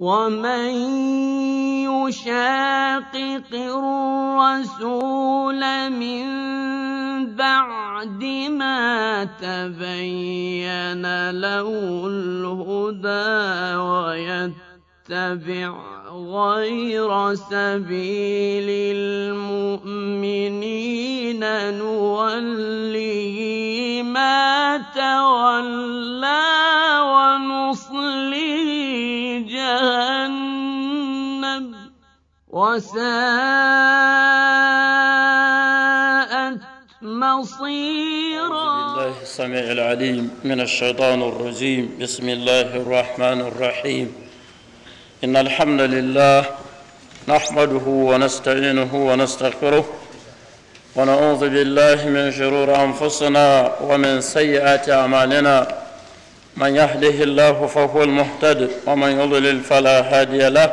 ومن يشاقق الرسول من بعد ما تبين له الهدى ويتبع غير سبيل المؤمنين نوله ما تولى وساءت مصيرا الله السميع العليم من الشيطان الرجيم بسم الله الرحمن الرحيم إن الحمد لله نحمده ونستعينه ونستغفره ونعوذ بالله من شرور أنفسنا ومن سيئات أعمالنا من يهده الله فهو المهتد ومن يضلل فلا هادي له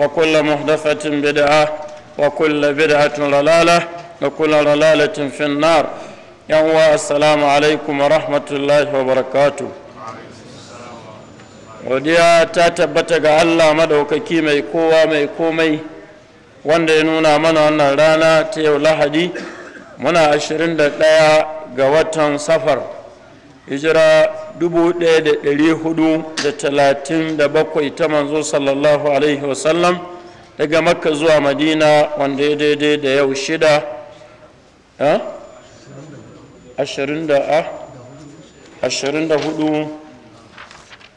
وكل محدثة بدعة وكل بدعة ضلالة وكل ضلالة في النار يوم السلام عليكم ورحمة الله وبركاته godiya ta tabbata ga allah madaukaki mai kowa mai komai wanda ya nuna mana wannan rana ta yau lahadi muna ɗaya ga watan safar hijira bakwai ta manzo sallallahu alaihi wasallam daga makka zuwa madina wanda ya daidai da yau shida ah? ashirin da hudu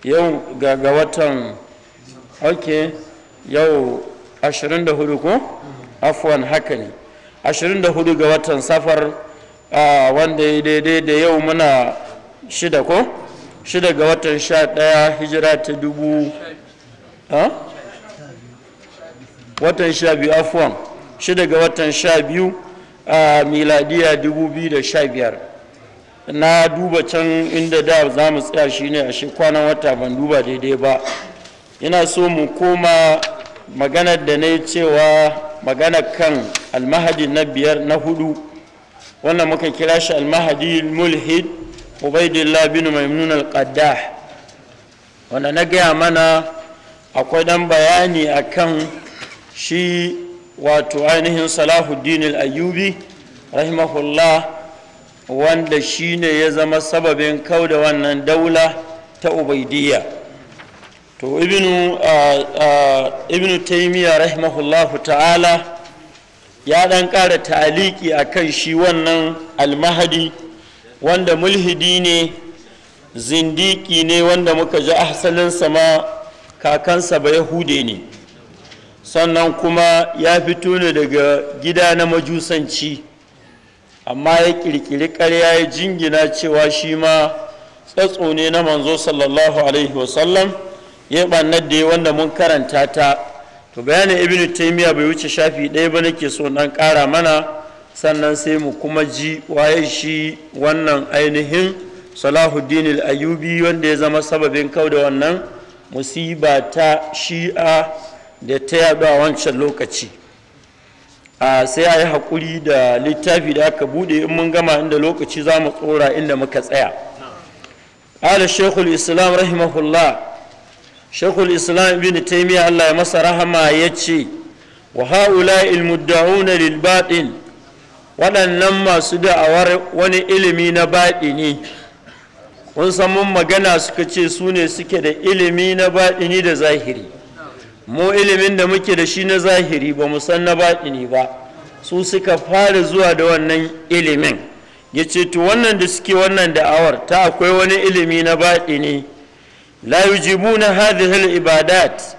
yau ga watan ok yau ashirin da hudu ko afuwan haka ne ashirin da hudu ga watan safar ah, wanda ya daidai da yau muna shida ko shida ga watan sha ɗaya hijira ta dubu ha watan sha biyu afuwan shida ga watan sha biyu a miladiya dubu biyu da sha biyar na duba can inda da za mu tsaya shi ne a shi kwanan wata ban duba daidai ba ina so mu koma maganar da na yi cewa maganar kan almahadi na biyar na hudu wannan muka kira shi almahadi mulhid ubaidillah bin maimun al wanda na gaya mana akwai dan bayani akan shi wato ainihin salahuddin al-ayyubi rahimahullah wanda shi ne ya zama sababin kauda wannan daula ta ubaidiyya to ibnu ibnu taymiya rahimahullahu ta'ala ya dan ƙara taliki akan shi wannan almahadi wanda mulhidi ne zindiki ne wanda muka ji asalinsa ma kakansa ba yahude ne sannan kuma ya fito ne daga gida na majusanci amma ya kirkiri karya ya jingina cewa shi ma tsatso ne na manzo sallallahu alaihi wasallam ya ɓannar da wanda mun karanta ta to bayanin Ibn taimiya bai wuce shafi ɗaya ba nake so nan ƙara mana sannan sai mu kuma ji waye shi wannan ainihin salahuddin ayubi wanda ya zama sababin kau da wannan musiba ta shi'a da ta yadu a wancan lokaci a sai a yi haƙuri da littafi da aka buɗe in mun gama inda lokaci za mu tsora inda muka tsaya ala shekul islam rahimahullah shekul islam ibn taimiyya allah ya masa rahama ya ce wa ha'ula ilmudda'una lil waɗannan masu da'awar wani ilimi na baɗi ne mun san mun magana suka ce su ne suke da ilimi na baɗi ne da zahiri mu ilimin da muke da shi na zahiri ba mu san na baɗi ne ba su suka fara zuwa da wannan ilimin ya ce to wannan da suke wannan da'awar ta akwai wani ilimi na baɗi ne la yujibuna hadhihi al-ibadat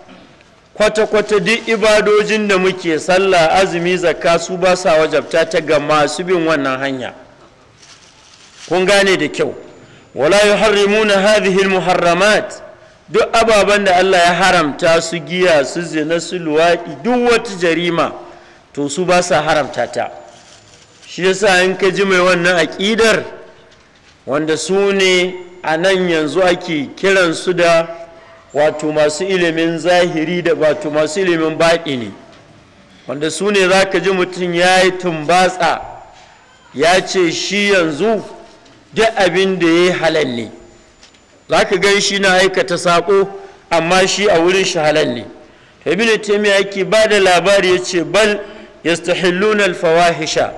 kwata-kwata duk ibadojin da muke sallah azumi zakka su ba sa wajabta ta ga masu bin wannan hanya kun gane da kyau wala yuharrimuna hadhihi almuharramat duk ababen da Allah ya haramta su giya su zina su luwaɗi duk wata jarima to su ba sa haramta ta shi yasa in ka ji mai wannan aƙidar wanda su ne a nan yanzu ake kiransu da wato masu ilimin zahiri da wato masu ilimin baƙi ne wanda su ne za ka ji mutum ya yi tumbatsa ya ce shi yanzu duk abin da ya yi halal ne za ka gan shi na aikata saƙo amma shi a wurin shi halal ne ibn taymiya yake ba da labari ya ce bal yastahilluna alfawahisha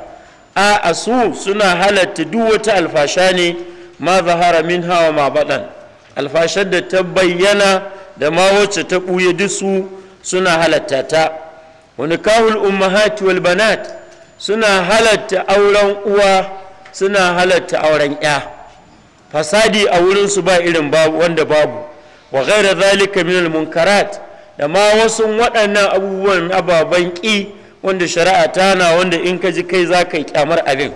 a asu suna halatta duk wata alfasha ne ma zahara minha wa ma baɗan alfashar da ta bayyana da ma wacce ta ɓuya duk su suna halatta ta wani kawul ummahati wal banat suna halatta auren uwa suna halatta auren ya fasadi a wurinsu ba irin babu wanda babu wa ghaira zalika min al munkarat da ma wasu waɗannan abubuwan ababen ƙi wanda shari'a ta na wanda in ka ji kai za ka yi kyamar abin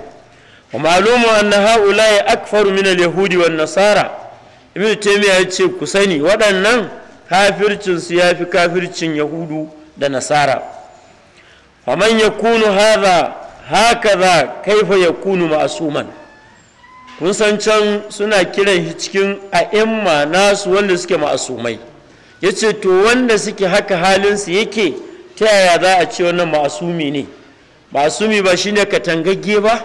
wa malumu anna ha'ula ya akfaru min al yahudi wan nasara ibn taymiya ya ce ku sani waɗannan kafircinsu ya fi kafircin yahudu da nasara Fa man kunu haka hakaza kaifa yakunu kunu ma'asuman kun san can suna kiran shi cikin a'imma nasu wanda suke ma'asumai yace to wanda suke haka halin su yake ta yaya za a ce wannan ma'asumi ne ma'asumi ba shine katangagge ba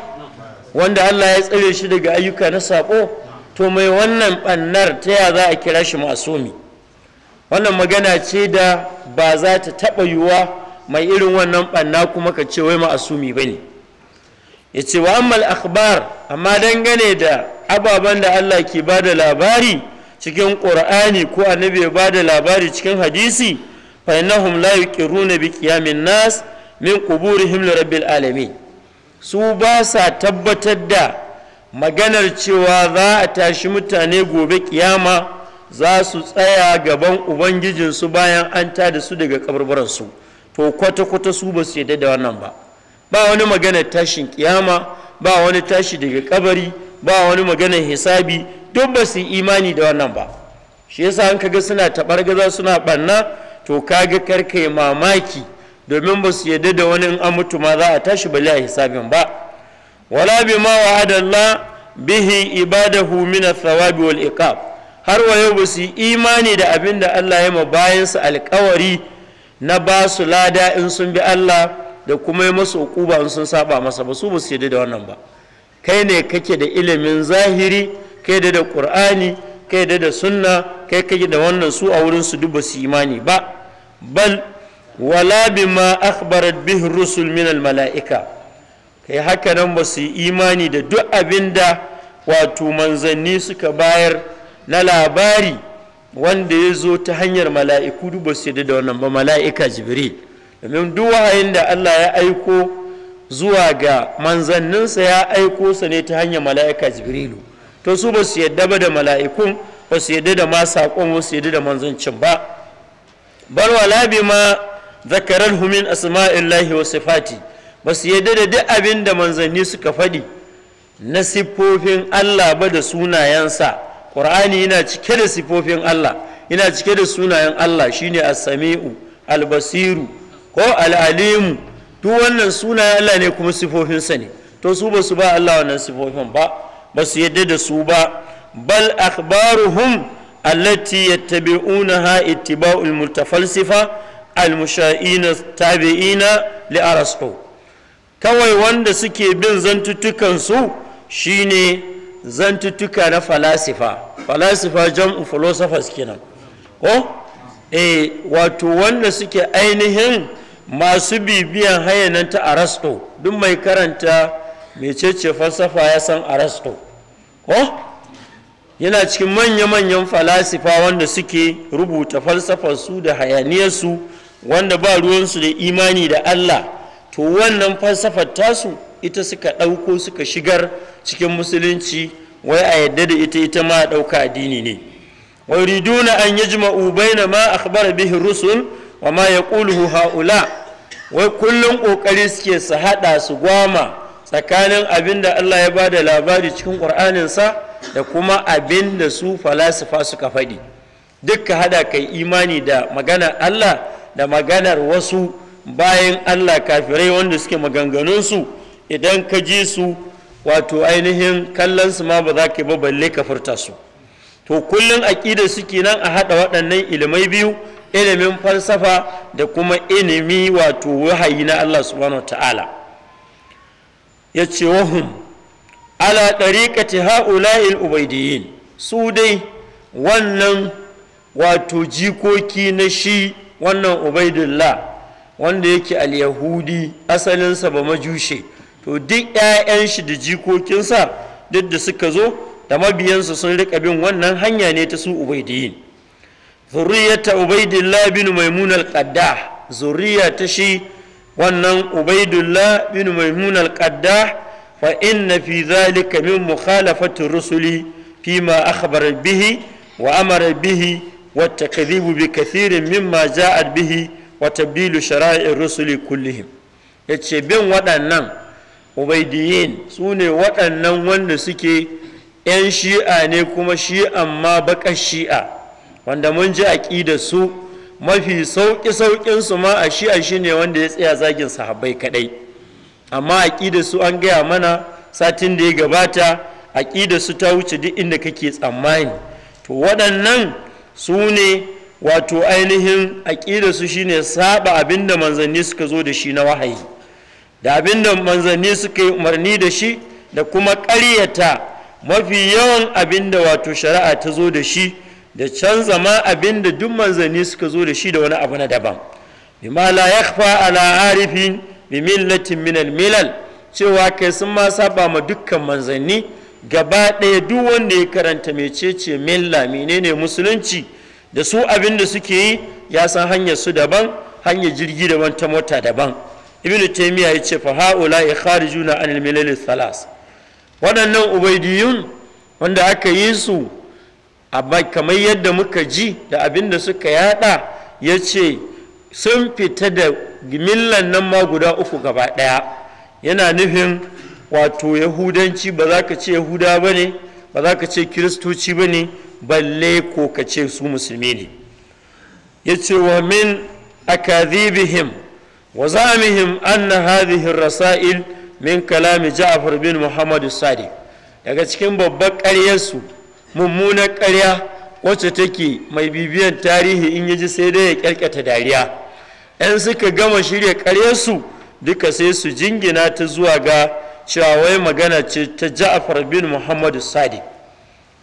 wanda allah ya tsare shi daga ayyuka na saɓo to mai wannan ɓannar ta ya za a kira shi masumi wannan magana ce da ba za ta taɓa yiwuwa mai irin wannan ɓanna kuma ka ce wai ma'asumi ba ne ya ce wa ammal akhbar amma dangane da ababen da allah ke ba da labari cikin ƙur'ani ko annabi ya ba da labari cikin hadisi fa innahum la yuqiruna bi qiyamin nas min quburihim li rabbil alamin su ba sa tabbatar da maganar cewa za a tashi mutane gobe kiyama za su tsaya gaban ubangijinsu bayan an tada su daga kabarbaransu to kwata-kwata su ba su yadda da wannan ba ba wani maganar tashin kiyama ba wani tashi daga kabari ba wani maganar hisabi duk ba su imani da wannan ba shi yasa an kaga suna taɓargaza suna ɓanna to kaga karkai mamaki domin ba su yadda da wani in an mutu ma za a tashi bali a hisabin ba wala bima wa'ada bihi ibadahu min athawabi ikab har wa yau yi imani da abin da Allah ya ma bayansa alkawari na ba su lada in sun bi Allah da kuma yi masu ukuba in sun saba masa ba su basu yadda da wannan ba kai ne kake da ilimin zahiri kai da da qur'ani kai da da sunna kai kake da wannan su a wurin su duba basu imani ba bal wala bima akhbarat bihi rusul min al mala'ika kai eh, haka nan ba su yi imani da duk abin da wato manzanni suka bayar na labari wanda ya zo ta hanyar mala'iku duk ba su yadda da wannan ba mala'ika jibril domin duk wahayin da Allah ya aiko zuwa ga manzanninsa ya aiko sa ne ta hanyar mala'ika jibrilu to su ba su yadda ba da mala'ikun ba su yadda da ma saƙon ba su yadda da manzancin ba bar wala ma zakarar humin asma'illahi wa sifati ba su yadda da duk abin da manzanni suka faɗi na siffofin Allah ba da sunayensa ƙur'ani yana cike da siffofin Allah yana cike da sunayen Allah shine as-sami'u al-basiru ko al-alimu duk wannan sunayen Allah ne kuma siffofinsa ne to su ba su ba Allah wannan siffofin ba ba su yadda da su ba bal akhbaruhum allati yattabi'unaha ittiba'ul mutafalsifa al-musha'ina tabi'ina li arastu kawai wanda suke bin zantutukansu shine zantutuka na falasifa falasifa jam'u philosophers kenan ko eh wato wanda suke ainihin masu bibiyan hayanan ta arasto duk mai karanta mecece falsafa ya san arasto ko yana cikin manya-manyan falasifa wanda suke rubuta falsafarsu da hayaniyarsu wanda ba ruwansu da imani da allah to wannan falsafar tasu ita suka ɗauko suka shigar cikin musulunci wai a yadda da ita ita ma ɗauka addini ne wa yuriduna an yajma baina ma akhbara bihi rusul wa ma yaquluhu haula wai kullum kokari suke su hada su gwama tsakanin abinda Allah ya bada labari cikin ƙur'aninsa da kuma abinda su falasifa suka faɗi dukka hada kai imani da maganar Allah da maganar wasu bayan Allah kafirai wanda suke maganganunsu idan ka ji su wato ainihin kallonsu ma ba za ka yi ba balle ka furta su to kullum aƙida suke nan a haɗa waɗannan ilimai biyu ilimin falsafa da kuma ilimi wato wahayi na Allah subhanahu ta'ala ya ce wahum ala ɗariƙati ha'ula'il ubaidiyin su dai wannan wato jikoki na shi wannan ubaidillah wanda yake al-yahudi asalinsa ba majushe to duk 'ya'yan shi da jikokinsa duk da suka zo da mabiyansu sun rika bin wannan hanya ne ta su ubaidiyin zuriyata ubaidillah bin maimun al-qaddah zuriya ta shi wannan ubaidullah bin maimun al-qaddah fa inna fi zalika min mukhalafati rusuli fima akhbara bihi wa amara bihi wa takdhibu bi kathirin mimma ja'at bihi Watabilu tabdilu shara'ir rusuli kullihim yace bin waɗannan ubaidiyin sune ne waɗannan wanda suke 'yan shi'a ne kuma shi'an ma baƙar shi'a wanda mun ji aƙida su mafi sauƙi sauƙin su ma a shi'a shine wanda ya tsaya zagin sahabbai kaɗai amma aƙida su an gaya mana satin da ya gabata aƙida su ta wuce duk inda kake tsammani to waɗannan sune. wato ainihin aƙida su shine saba abinda manzanni suka zo da shi na wahayi da abinda manzanni suka yi umarni da shi da kuma ƙaryata mafi yawan abinda wato shari'a ta zo da shi da canza ma abinda duk manzanni suka zo da shi da wani abu na daban bima la yakhfa ala arifin bi millatin min milal cewa kai sun ma saba ma dukkan manzanni gaba ɗaya duk wanda ya karanta mecece milla menene musulunci da su abin da suke yi ya san hanyar su daban hanyar jirgi daban ta mota daban ibn taymiya ya ce fa haula ikharijuna anil milal thalas waɗannan ubaidiyun wanda aka yi su amma kamar yadda muka ji da abin da suka yada ya ce sun fita da millan nan ma guda uku gaba ɗaya yana nufin wato yahudanci ba za ka ce yahuda ba ne ba za ka ce kiristoci ba ne balle ko ka ce su musulmi ne ya ce wa min akadhibihim wa zamihim anna hadhihi rasail min kalami ja'far bin muhammad sadiq daga cikin babbar su mummunar ƙarya wacce take mai bibiyan tarihi in yaji sai dai ya kyalkyata dariya yan suka gama shirya su duka sai su jingina ta zuwa ga cewa wai magana ce ta ja'far bin muhammad sadiq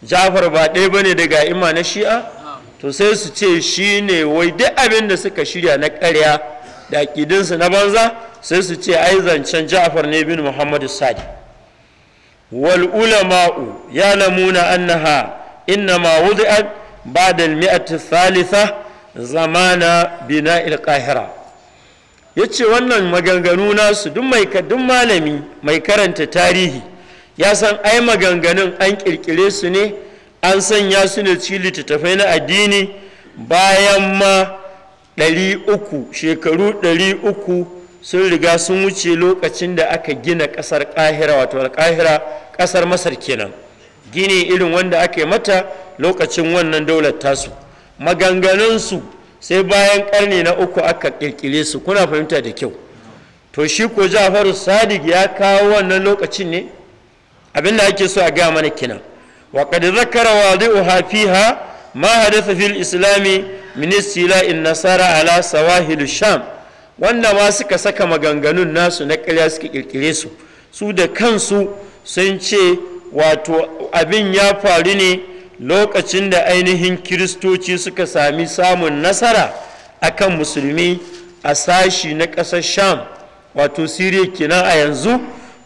jafar ba ɗaya ba ne daga ima na shi'a to sai su ce shi ne wai duk abin da suka shirya na ƙarya da ƙidinsu na banza sai su ce ai zancen jafar ne bin muhammadu sadi wal ulama'u ya lamuna annaha innama wudi'at ba'da al-mi'ati thalitha zamana bina'il qahira yace wannan maganganu nasu duk mai duk malami mai karanta tarihi ya san ai maganganun an kirkire su ne an sanya su ne cikin littattafai na addini bayan ma ɗari uku shekaru ɗari uku sun riga sun wuce lokacin da aka gina ƙasar ƙahira wato alƙahira ƙasar masar kenan gini irin wanda aka yi mata lokacin wannan daular tasu maganganunsu sai bayan ƙarni na uku aka ƙirƙire su kuna fahimta da kyau to shi ko jafaru sadiq ya kawo wannan lokacin ne abin da ake so a ga mana kenan wa qad zakara wadi'uha fiha ma hadatha fil islami min istila'in nasara ala sawahil sham wanda ma suka saka maganganun nasu na ƙarya suka kirkire su su da kansu sun ce wato abin ya faru ne lokacin da ainihin kiristoci suka sami samun nasara akan musulmi a sashi na ƙasar sham wato siriya kenan a yanzu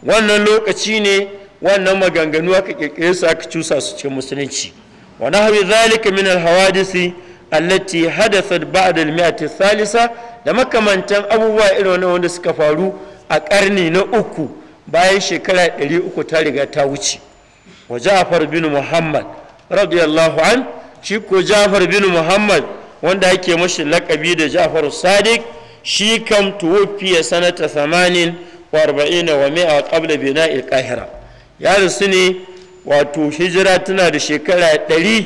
wannan lokaci ne wannan maganganu aka kirkire su aka cusa su cikin musulunci wa nahwi zalika min hawadisi allati hadathat ba'da al Salisa da makamantan abubuwa irin wannan wanda suka faru a karni na uku bayan shekara 300 ta riga ta wuce wa Ja'far bin Muhammad radiyallahu an shi ko Ja'far bin Muhammad wanda ake mashi lakabi da Ja'far Sadiq shi kam tuwofiya sanata 80 wa 40 wa 100 qabla al Qahira ya rasu ne wato hijira tana da shekara ɗari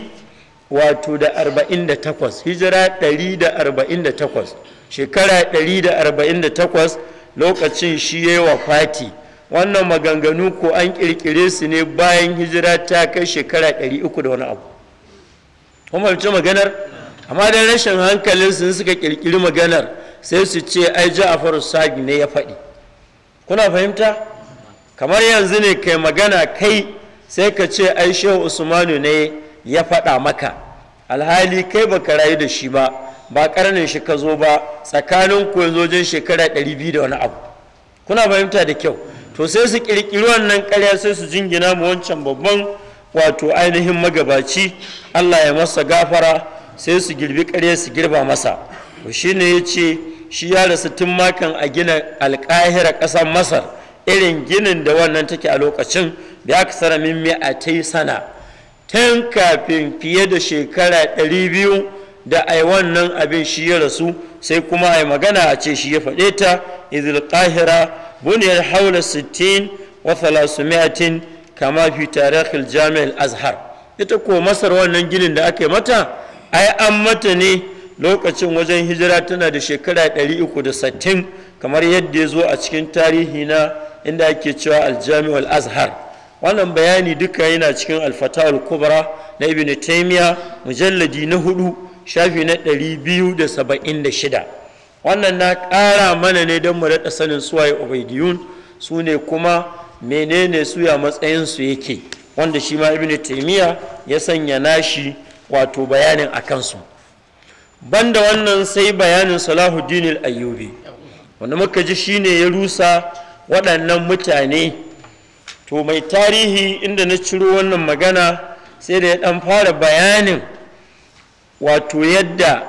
wato da arba'in da takwas hijira ɗari da arba'in da takwas shekara ɗari da arba'in da takwas lokacin shi ya wa fati wannan maganganu ko an ƙirƙire su ne bayan hijira ta kai shekara ɗari uku da wani abu kuma maganar amma da rashin hankalin sun suka ƙirƙiri maganar sai su ce ai ja'afar sagi ne ya faɗi kuna fahimta kamar yanzu ne kai magana kai sai ka ce ai shehu usmanu ne ya faɗa maka alhali kai baka rayu da shi ba ba karnin shi ka zo ba tsakanin ku yanzu wajen shekara 200 da wani abu kuna fahimta da kyau to sai su kirkiri wannan ƙarya sai su jingina mu wancan babban wato ainihin magabaci Allah ya masa gafara sai su girbi ƙarya su girba masa to shine yace shi ya rasu tun makan a gina alƙahira ƙasar Masar irin ginin da wannan take a lokacin bi aksara min yi sana tun kafin fiye da shekara ɗari biyu da ai wannan abin shi ya rasu sai kuma ai magana a ce shi ya faɗe ta izil qahira buniyar haula 60 wa 300 kama fi tarihil Jami'ar azhar ita ko masar wannan ginin da aka yi mata ai an mata ne lokacin wajen hijira tana da shekara 360 kamar yadda ya zo a cikin tarihi na inda ake cewa aljami'u al-azhar wannan bayani duka yana cikin alfatawar kubra na ibn taimiya mujalladi na hudu shafi na 276 wannan na ƙara mana ne don mu daɗa sanin suwaye ubaidiyun su ne kuma menene suya matsayinsu yake wanda shi ma ibn taimiya ya sanya nashi wato bayanin a kansu banda wannan sai bayanin salahuddin al-ayyubi wanda muka ji shine ya rusa waɗannan mutane to mai tarihi inda na ciro wannan magana sai da ya ɗan fara bayanin wato yadda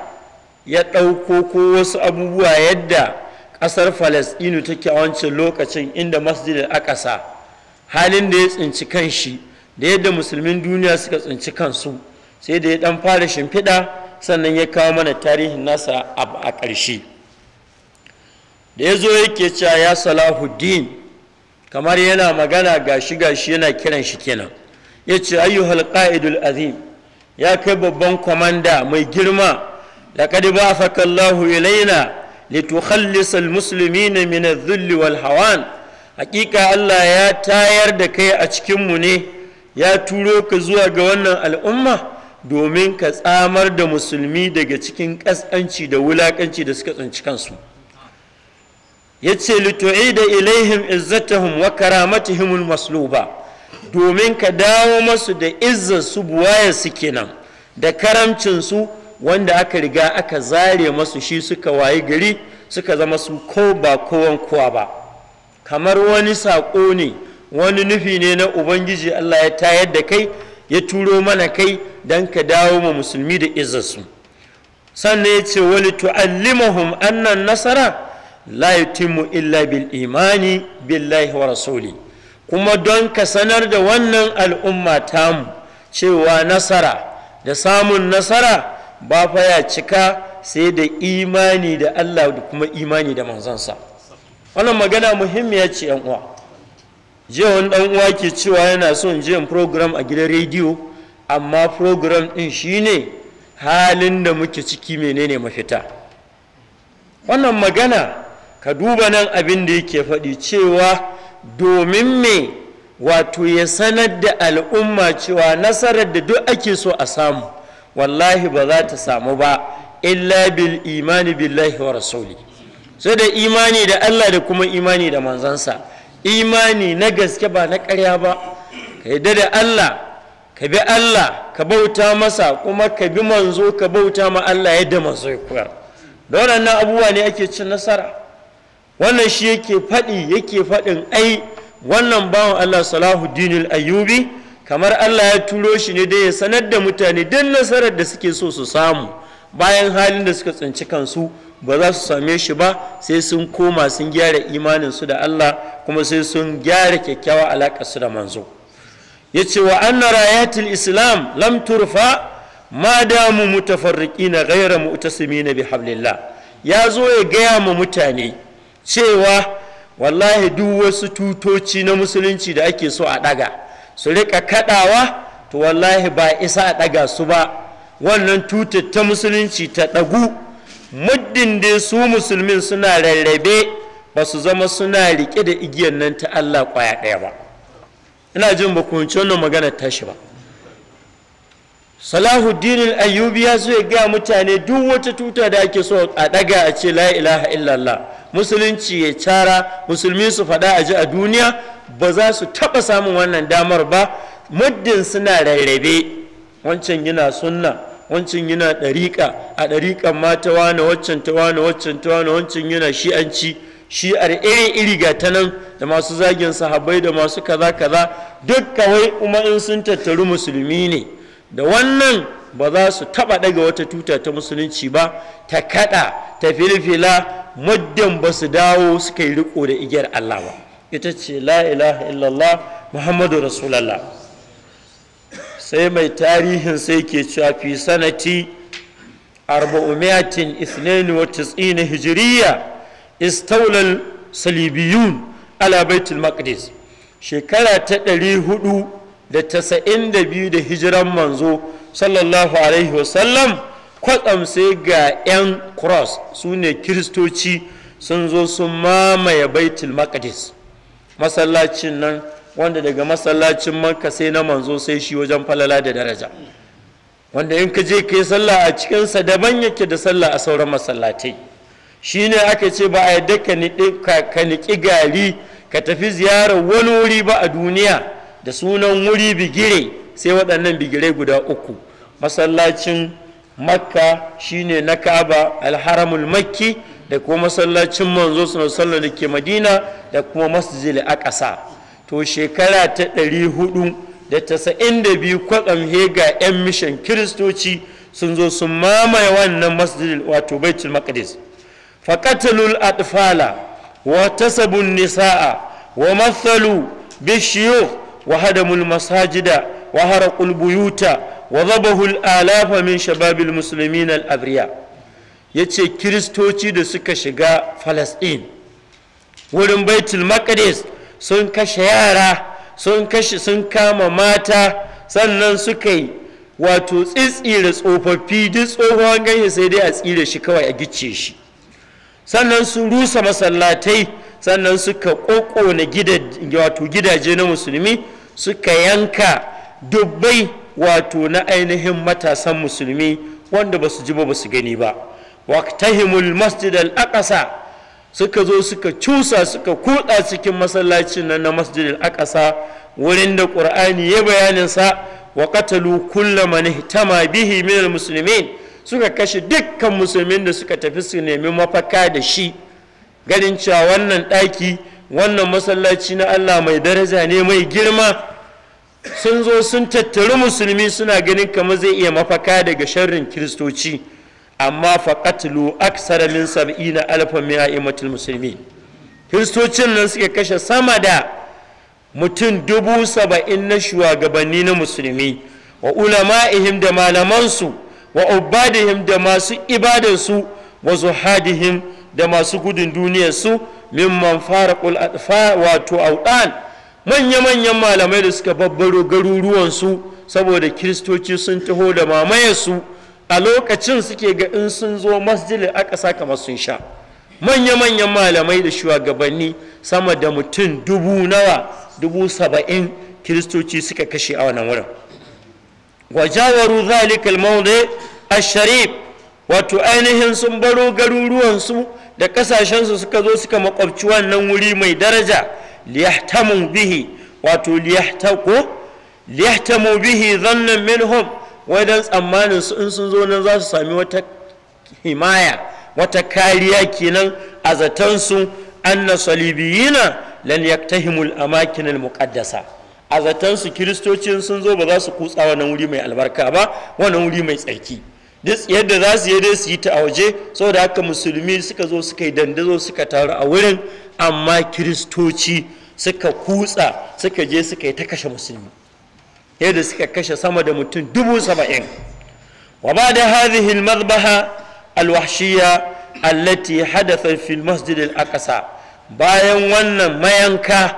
ya ɗauko ko wasu abubuwa yadda ƙasar falasɗinu take a wancan lokacin inda masjid al akasa halin da ya tsinci kanshi da yadda musulmin duniya suka tsinci kansu sai da ya ɗan fara shimfiɗa sannan ya kawo mana tarihin nasa a ƙarshe da ya zo yake cewa ya salahuddin kamar yana magana gashi gashi yana kiran shi kenan ya ce ayyuhal qa'idul azim ya kai babban kwamanda mai girma laqad ba'athaka Allahu ilaina litukhallisa almuslimina min adh dhull wal hawan hakika Allah ya tayar da kai a cikin mu ne ya turo ka zuwa ga wannan al'umma domin ka tsamar da musulmi daga cikin ƙasƙanci da wulaƙanci da suka tsinci kansu ya ce lito'i da ilaihim izzatahum wa karamatihimul masluba domin ka dawo masu da izzarsu buwaya su kenan da karamcinsu wanda aka riga aka zare masu shi suka wayi gari suka zama su ko ba kowan kowa ba kamar wani saƙo ne wani nufi ne na ubangiji allah ya tayar da kai ya turo mana kai don ka dawo ma musulmi da izinsu. sannan ya ce wani tu'allimahum annan nasara la yutimmu illa bil imani billahi wa rasuli kuma don ka sanar da wannan al'umma tamu cewa nasara da samun nasara ba fa ya cika sai da imani da Allah da kuma imani da manzansa wannan magana muhimmiya ce uwa jiya wani dan uwa ke cewa yana son jiyan program a gidan rediyo amma program din shine halin da muke ciki menene mafita wannan magana ka duba nan abin da yake faɗi cewa domin me wato ya sanar da al'umma cewa nasarar da duk ake so a samu wallahi ba za ta samu ba illa bil imani billahi wa rasuli sai da imani da Allah da kuma imani da manzansa imani na gaske ba na karya ba ka yadda da Allah ka bi Allah ka bauta masa kuma ka bi manzo ka bauta ma Allah yadda manzo ya koyar da waɗannan abubuwa ne ake cin nasara wannan shi yake faɗi yake faɗin ai wannan bawan Allah Salahuddin Ayyubi kamar Allah ya turo shi ne dai ya sanar da mutane duk nasarar da suke so su samu bayan halin da suka tsinci kansu ba za su same shi ba sai sun koma sun gyara imanin su da Allah kuma sai sun gyara kyakkyawa alaƙa su da manzo ya ce wa anna rayatul islam lam turfa ma damu mutafarriqina ghayra na bi hablillah ya zo ya gaya ma mutane cewa wallahi duk wasu tutoci na musulunci da ake so a ɗaga su riƙa kaɗawa to wallahi ba isa a ɗaga su ba wannan tutar ta musulunci ta ɗagu muddin da su musulmin suna rarrabe ba su zama suna rike da igiyar nan ta Allah ƙwaya ɗaya ba ina jin ba kunci wannan magana tashi ba salahuddin ayyubi ya zo ya gaya mutane duk wata tuta da ake so a ɗaga a ce la ilaha illallah musulunci ya cara musulmi su faɗa a ji a duniya ba za su taɓa samun wannan damar ba muddin suna rarrabe wancan yana sunna wancan yana ɗariƙa a ɗariƙan ma ta wane waccan ta wane waccan ta wane wancan yana shi'anci shi'ar iri iri ga ta nan da masu zagin sahabai, da masu kaza kaza duk kawai kuma in sun tattaru musulmi ne da wannan ba za su taɓa ɗaga wata tuta ta musulunci ba ta kaɗa ta filfila muddin ba su dawo suka yi riko da igiyar Allah ba ita ce la ilaha illallah muhammadu rasulallah sai mai tarihin sai ke cewa fi sanati 492 hijiriya istaulal salibiyun ala baitul maqdis shekara ta 492 da hijiran manzo sallallahu alaihi wasallam kwatsam sai ga 'yan cross su ne kiristoci sun zo sun mamaye baitul maqdis masallacin nan wanda daga masallacin makka sai na manzo sai shi wajen falala da daraja wanda in ka je ka yi sallah a cikinsa daban yake da sallah a sauran masallatai Shi ne aka ce ba a yadda ka niƙi gari ka tafi ziyarar wani wuri ba a duniya da sunan wuri bigire sai waɗannan bigire guda uku masallacin makka shi ne na kaba alharamul makki da kuma masallacin manzo sallallahu da ke madina da kuma a aqsa to shekara ta ɗari hudu da tasa'in da biyu kwatsam hega 'yan mishan kiristoci sun zo sun mamaye wannan masjid wato baitul maqdis faqatalul atfala wa tasabun nisaa wa mathalu bishiyu, wa hadamul masajida wa harqul buyuta wa dhabahu alafa min shababil muslimin al abriya yace kiristoci da suka shiga falastin wurin baitul maqdis sun kashe yara sun kashe sun kama mata sannan suka yi wato tsitsire tsofaffi duk tsohon ganye sai dai a tsira shi kawai a gice shi sannan su rusa masallatai sannan suka kokona wato gidaje na musulmi suka yanka dubbai wato na ainihin matasan musulmi wanda ba su ji ba ba su gani ba waktahimul masjid al-aqsa suka zo suka cusa suka kurɗa cikin masallacin nan na masjidil aqsa wurin da qur'ani ya bayanin sa wa qatalu kulla man ihtama bihi min almuslimin suka kashe dukkan musulmin da suka tafi su nemi mafaka da shi ganin cewa wannan daki wannan masallaci na Allah mai daraja ne mai girma sun zo sun tattaru musulmi suna ganin kamar zai iya mafaka daga sharrin kiristoci amma faqatlu aksara min sab'ina alfan min a'immatil muslimin kiristocin nan suke kashe sama da mutum dubu saba'in na shugabanni na musulmi wa ulama'ihim da malamansu wa ubadihim da masu ibadarsu wa zuhadihim da masu gudun duniyarsu mimman fara kul'adfa wato auɗan manya-manyan malamai da suka babbaro garuruwansu saboda kiristoci sun taho da mamayarsu a lokacin suke ga in sun zo a aka kamar sun sha manya-manyan malamai da shugabanni sama da mutum dubu nawa dubu saba'in kiristoci suka kashe a wannan wurin wajawaru zalikal mawdi a sharif wato ainihin sun baro garuruwansu da kasashensu suka zo suka makwabci wannan wuri mai daraja liyahtamu bihi wato liyahtamu bihi zannan minhum wai don tsammanin su in sun zo nan za su sami wata himaya wata kariya kenan a zatansu anna salibiyina lan yaktahimul amakin al-muqaddasa a zatansu kristocin sun zo ba za su kutsa wannan wuri mai albarka ba wannan wuri mai tsarki duk yadda za su yi dai su yi ta a waje saboda haka musulmi suka zo suka yi dandazo suka taru a wurin amma kiristoci suka kutsa suka je suka yi ta kashe musulmi yadda suka kashe sama da mutum dubu saba'in wa ba da hadhihi hilmar madbaha al allati hadatha fi masjid al bayan wannan mayanka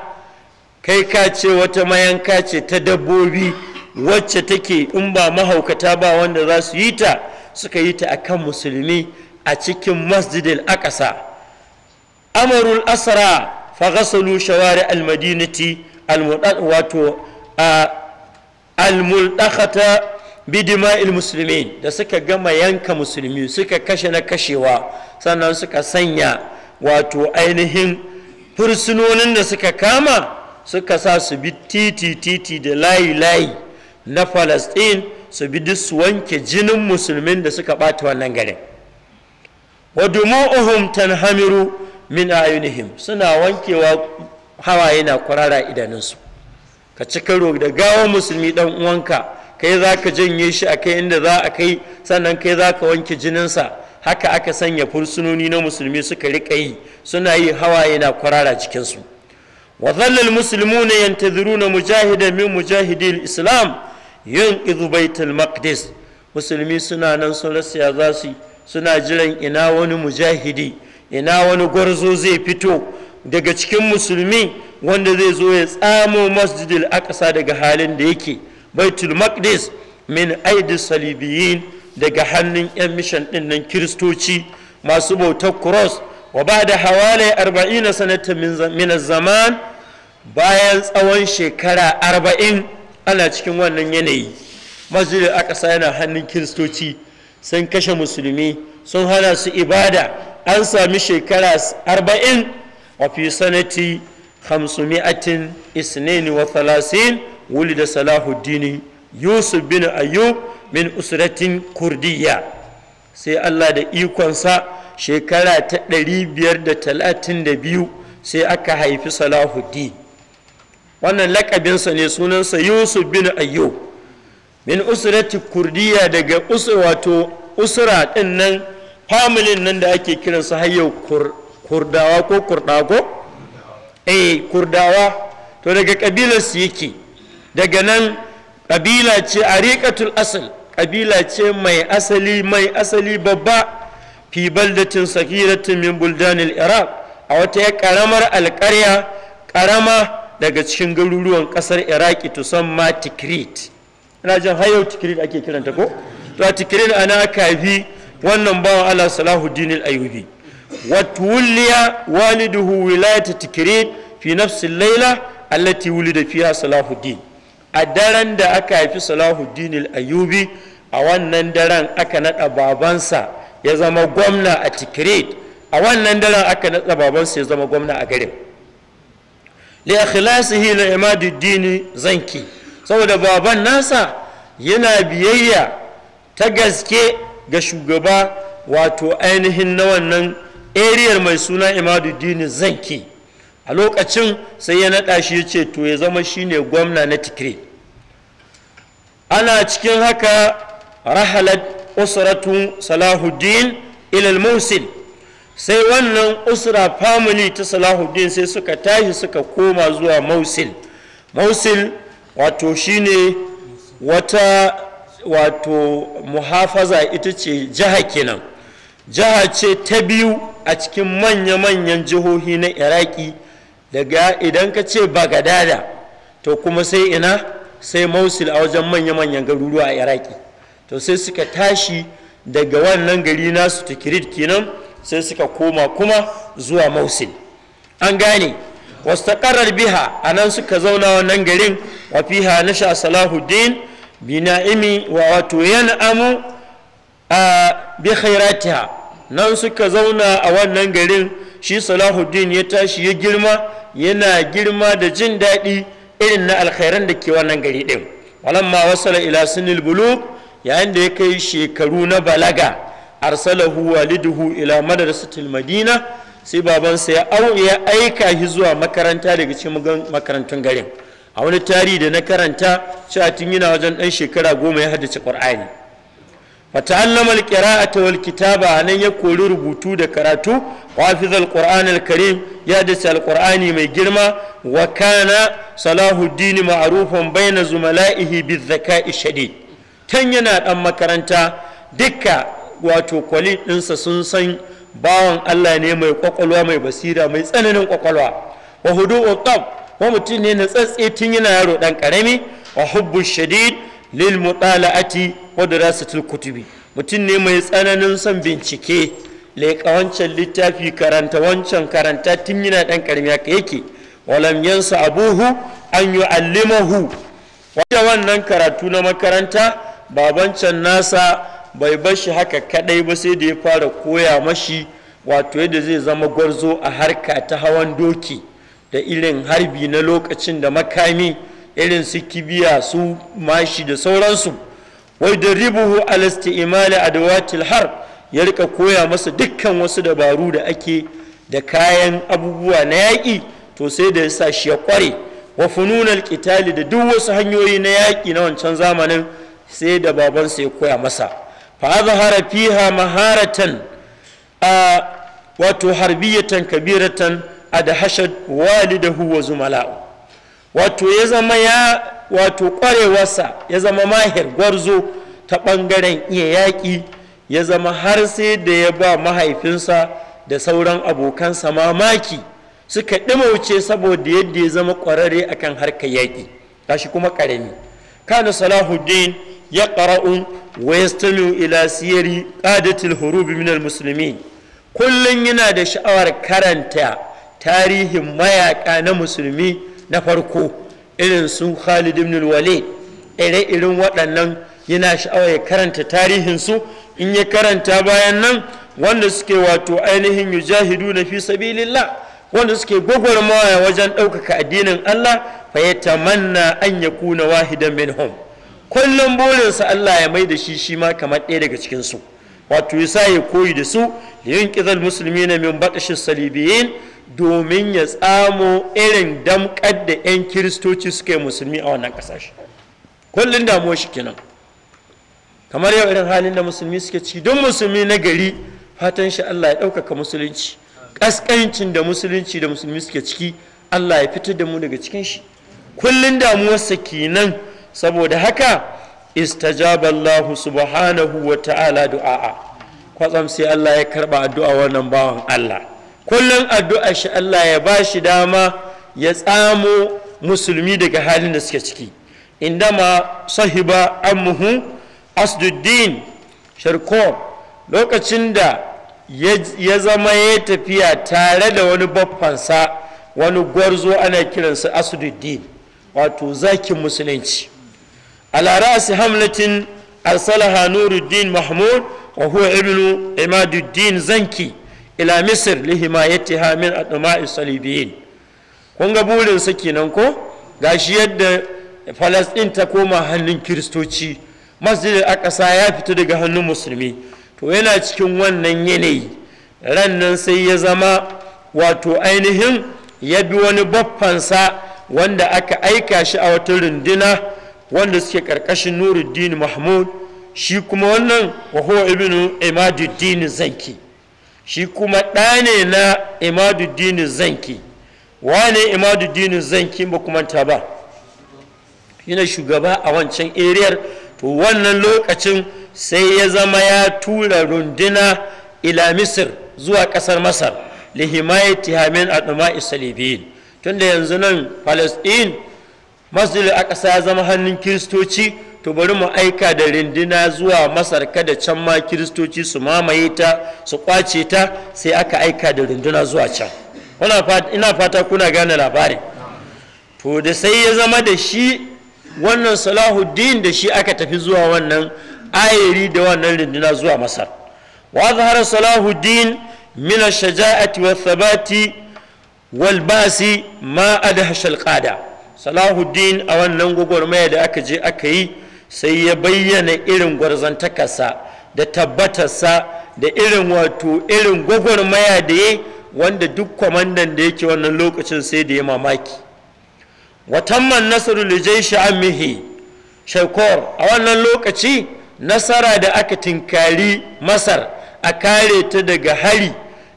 kai ka ce wata mayanka ce ta dabbobi wacce take in ba mahaukata ba wanda za su yi ta suka yi ta akan musulmi a cikin masjid al amarul asra fa ghasalu shawari al-madinati wato a almuldakhata bidima'il musulmi da suka gama yanka musulmi suka kashe na kashewa sannan suka sanya wato ainihin fursunonin da suka kama suka sa su bi titi titi da layi layi na falastin su bi duk su wanke jinin musulmin da suka ɓata wannan garin wa dumu'uhum tanhamiru min ayunihim suna wankewa hawaye na kurara idanunsu ka ci karo da gawan musulmi dan uwanka kai za ka janye shi a kai inda za a kai sannan kai za ka wanke jininsa haka aka sanya fursunoni na musulmi suka riƙa yi suna yi hawaye na kwarara cikinsu wa zallal yantaziru na mujahida min mujahidi islam yin baitul maqdis musulmi suna nan sun rasa za su suna jiran ina wani mujahidi ina wani gwarzo zai fito daga cikin musulmi wanda zai zo ya tsamo masjidil aqsa daga halin da yake baitul maqdis min aidi salibiyin daga hannun yan mishan din nan kiristoci masu bautar cross wa ba da hawale 40 sanata min zaman bayan tsawon shekara 40 ana cikin wannan yanayi masjidil aqsa yana hannun kiristoci sun kashe musulmi sun hana su ibada an sami shekara 40 a fi sanati خمسمائة wuli da ولد صلاح الدين yusuf bin ayyub min أسرة kurdiya sai Allah da ikonsa shekara ta 532 sai aka haifi Salahuddin wannan lakabinsa ne sunansa Yusuf bin Ayyub min usrati kurdiya daga usra wato usra din nan famulin nan da ake kiransa har kurdawa ko kurdago eh kurdawa to daga su yake daga nan kabila ce ariqatul asal kabila ce mai asali mai asali babba fi baldatin sakiratin min buldanil iraq a wata ya karamar alƙarya karama daga cikin garuruwan kasar iraki tusamma tikrit ina jin hayau tikrit ake kiranta ko to a tikrit ana kafi wannan bawan ala salahuddin al-ayubi watuwulliya waliduhu wilayata tikirin fi nafsin laila allati wulida da salahuddin a daren da aka haifi salahuddin al-ayyubi a wannan daren aka naɗa babansa ya zama gwamna a tikirit a wannan daren aka naɗa babansa ya zama gwamna a garin li ikhlasihi li imaduddin zanki saboda baban nasa yana biyayya ta gaske ga shugaba wato ainihin na wannan ariyar mai suna imaduddin zanki a lokacin sai ya naɗa shi ya ce to ya zama shi ne gwamna na tikiri. ana cikin haka rahalar usratun salahuddin ilal musil sai wannan usra family ta salahuddin sai suka tashi suka koma zuwa mausil mausil wato shine wata wato muhafaza ita ce jiha kenan jiha ce ta biyu a cikin manya-manyan jihohi na iraki daga idan ka ce bagadada to kuma sai ina sai mausul a wajen manya-manyan garuruwa a iraki to sai suka tashi daga wannan gari nasu tikirid kenan sai suka koma kuma zuwa mausul an gane wasu karar biha a nan suka zauna wannan garin wa fiha sha salahuddin bina'imi wa wato amu a bi khairatiha nan suka zauna a wannan garin shi salahuddin ya tashi ya girma yana girma da jin daɗi irin na alkhairan da ke wannan gari ɗin walamma wasala ila sinil buluk yayin da ya kai shekaru na balaga arsalahu waliduhu ila madrasatil madina sai babansa ya au ya aika shi zuwa makaranta daga cikin makarantun garin a wani tarihi da na karanta cewa tun yana wajen ɗan shekara goma ya haddace ƙur'ani fata'allama alqira'ata wal kitaba anan ya kori rubutu da karatu hafiz alquran alkarim ya dace alqurani mai girma wa SalahuDini Ma'arufan ma'rufan baina zumala'ihi bizaka'i shadid tan yana ɗan makaranta dukka wato kwali ɗinsa sun san bawan Allah ne mai ƙwaƙwalwa, mai basira mai tsananin kwakwalwa wa hudu utab wa mutum ne na tsatse tun yana yaro ɗan karami wa hubbu shadid lil mutala'ati wa dirasatul kutubi mutum ne mai tsananin son bincike leƙa littafi karanta wancan karanta tun yana ɗan ƙarami haka yake walam yansa abuhu an allimahu wanda wannan karatu na makaranta babancan nasa bai bashi haka kaɗai ba sai da ya fara koya mashi wato yadda zai zama gwarzo a harka ta hawan doki da irin harbi na lokacin da makami irin su kibiya su mashi da sauransu wai da ribuhu alasti imali adawatil har ya rika koya masa dukkan wasu dabaru da ake da kayan abubuwa na yaƙi to sai da ya shi ya kware wa fununan ƙitali da duk wasu hanyoyi na yaƙi na wancan zamanin sai da babansa ya koya masa fa zahara fiha maharatan a wato harbiyatan kabiratan wali walidahu wa zumala'u wato ya zama ya wato kwarewarsa ya zama mahir gwarzo ta ɓangaren iya yaƙi ya zama har sai da ya ba mahaifinsa da sauran abokansa mamaki suka ɗimauce saboda yadda ya zama ƙwararre akan harkar yaƙi gashi kuma ƙarami kana salahuddin ya ƙara'un wa yastalu ila siyari hurubi minal musulmi kullum yana da sha'awar karanta tarihin mayaƙa na musulmi na farko irin su khalid ibn walid ire-irin waɗannan yana sha'awa ya karanta tarihinsu in ya karanta bayan nan wanda suke wato ainihin yujahidu na fi sabilillah wanda suke gwagwarmaya wajen ɗaukaka addinin Allah fa ya tamanna an ya kuna wahidan minhum kullum burinsa Allah ya mai da shi shi ma kamar ɗaya daga cikinsu wato ya sa ya koyi da su da yin ƙizar musulmi na min baɗashin salibiyin domin ya tsamo irin damkar da 'yan kiristoci suka yi musulmi a wannan kasashe kullum damuwa shi kenan kamar yau irin halin da musulmi suke ci don musulmi na gari fatan shi Allah ya ɗaukaka musulunci ƙasƙancin da musulunci da musulmi suke ciki Allah ya fitar da mu daga cikin shi kullum damuwarsa kenan saboda haka istajaba Allah subhanahu wa ta'ala du'a kwatsam sai Allah ya karɓa addu'a wannan bawan Allah kullum addu'a shi Allah ya ba shi dama ya tsamo musulmi daga halin da suke ciki indama sahiba ammuhu asduddin sharko lokacin da ya zama ya tafiya tare da wani baffansa wani gwarzo ana kiransa asduddin wato zakin musulunci lara ra'asi hamlatin arsalaha nuruddin mahmud wa huwa ibnu imaduddin zanki ila misir lihimayatiha min adma'i salibiyin kun ga burin sa kenan ko gashi yadda falastin ta koma hannun kiristoci masjid al-aqsa ya fita daga hannun musulmi to yana cikin wannan yanayi ran nan sai ya zama wato ainihin ya bi wani baffansa wanda aka aika shi a wata runduna wanda suke karkashin nuruddin mahmud shi kuma wannan wa huwa ibnu imaduddin zanki shi kuma ɗa ne na imaduddinin zanki wane imaduddinin zanki ba kuma ta ba shine shugaba a wancan eriyar to wannan lokacin sai ya zama ya tura runduna ila misir zuwa ƙasar masar lihimayati hamin adama isalibiyin tunda yanzu nan palestine masjid a ƙasa ya zama hannun kiristoci to bari mu aika da rindina zuwa masar kada can ma kiristoci su mamaye ta su kwace ta sai aka aika da rinduna zuwa can ina fata kuna gane labari to da sai ya zama da shi wannan salahuddin da shi aka tafi zuwa wannan ayiri da wannan rinduna zuwa masar wa zahara salahuddin min ash-shaja'ati wath-thabati wal-ba'si ma adhasha al-qada salahuddin a wannan gwagwarmaya da aka je aka yi sai ya bayyana irin gwarzantakarsa da tabbatarsa da irin wato irin gwagwarmaya da ya wanda duk kwamandan da yake wannan lokacin sai da ya mamaki watamman nasaru lijai sha'amihi shakor a wannan lokaci nasara da aka tinkari masar a kare ta daga hari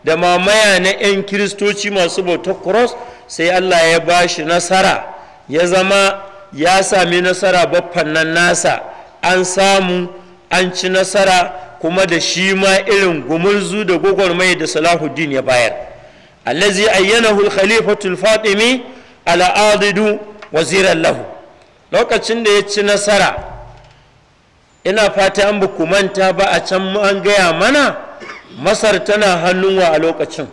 da mamaya na 'yan kiristoci masu bautar cross sai allah ya ba shi nasara ya zama ya sami nasara baffan nan nasa an samu an ci nasara kuma da shi ma irin gumurzu da gwagwarmai da salahuddin ya bayar allazi ayyanahu al-khalifatul fatimi ala adidu waziran lahu lokacin da ya ci nasara ina fata an ba manta ba a can an gaya mana masar tana hannun wa a lokacin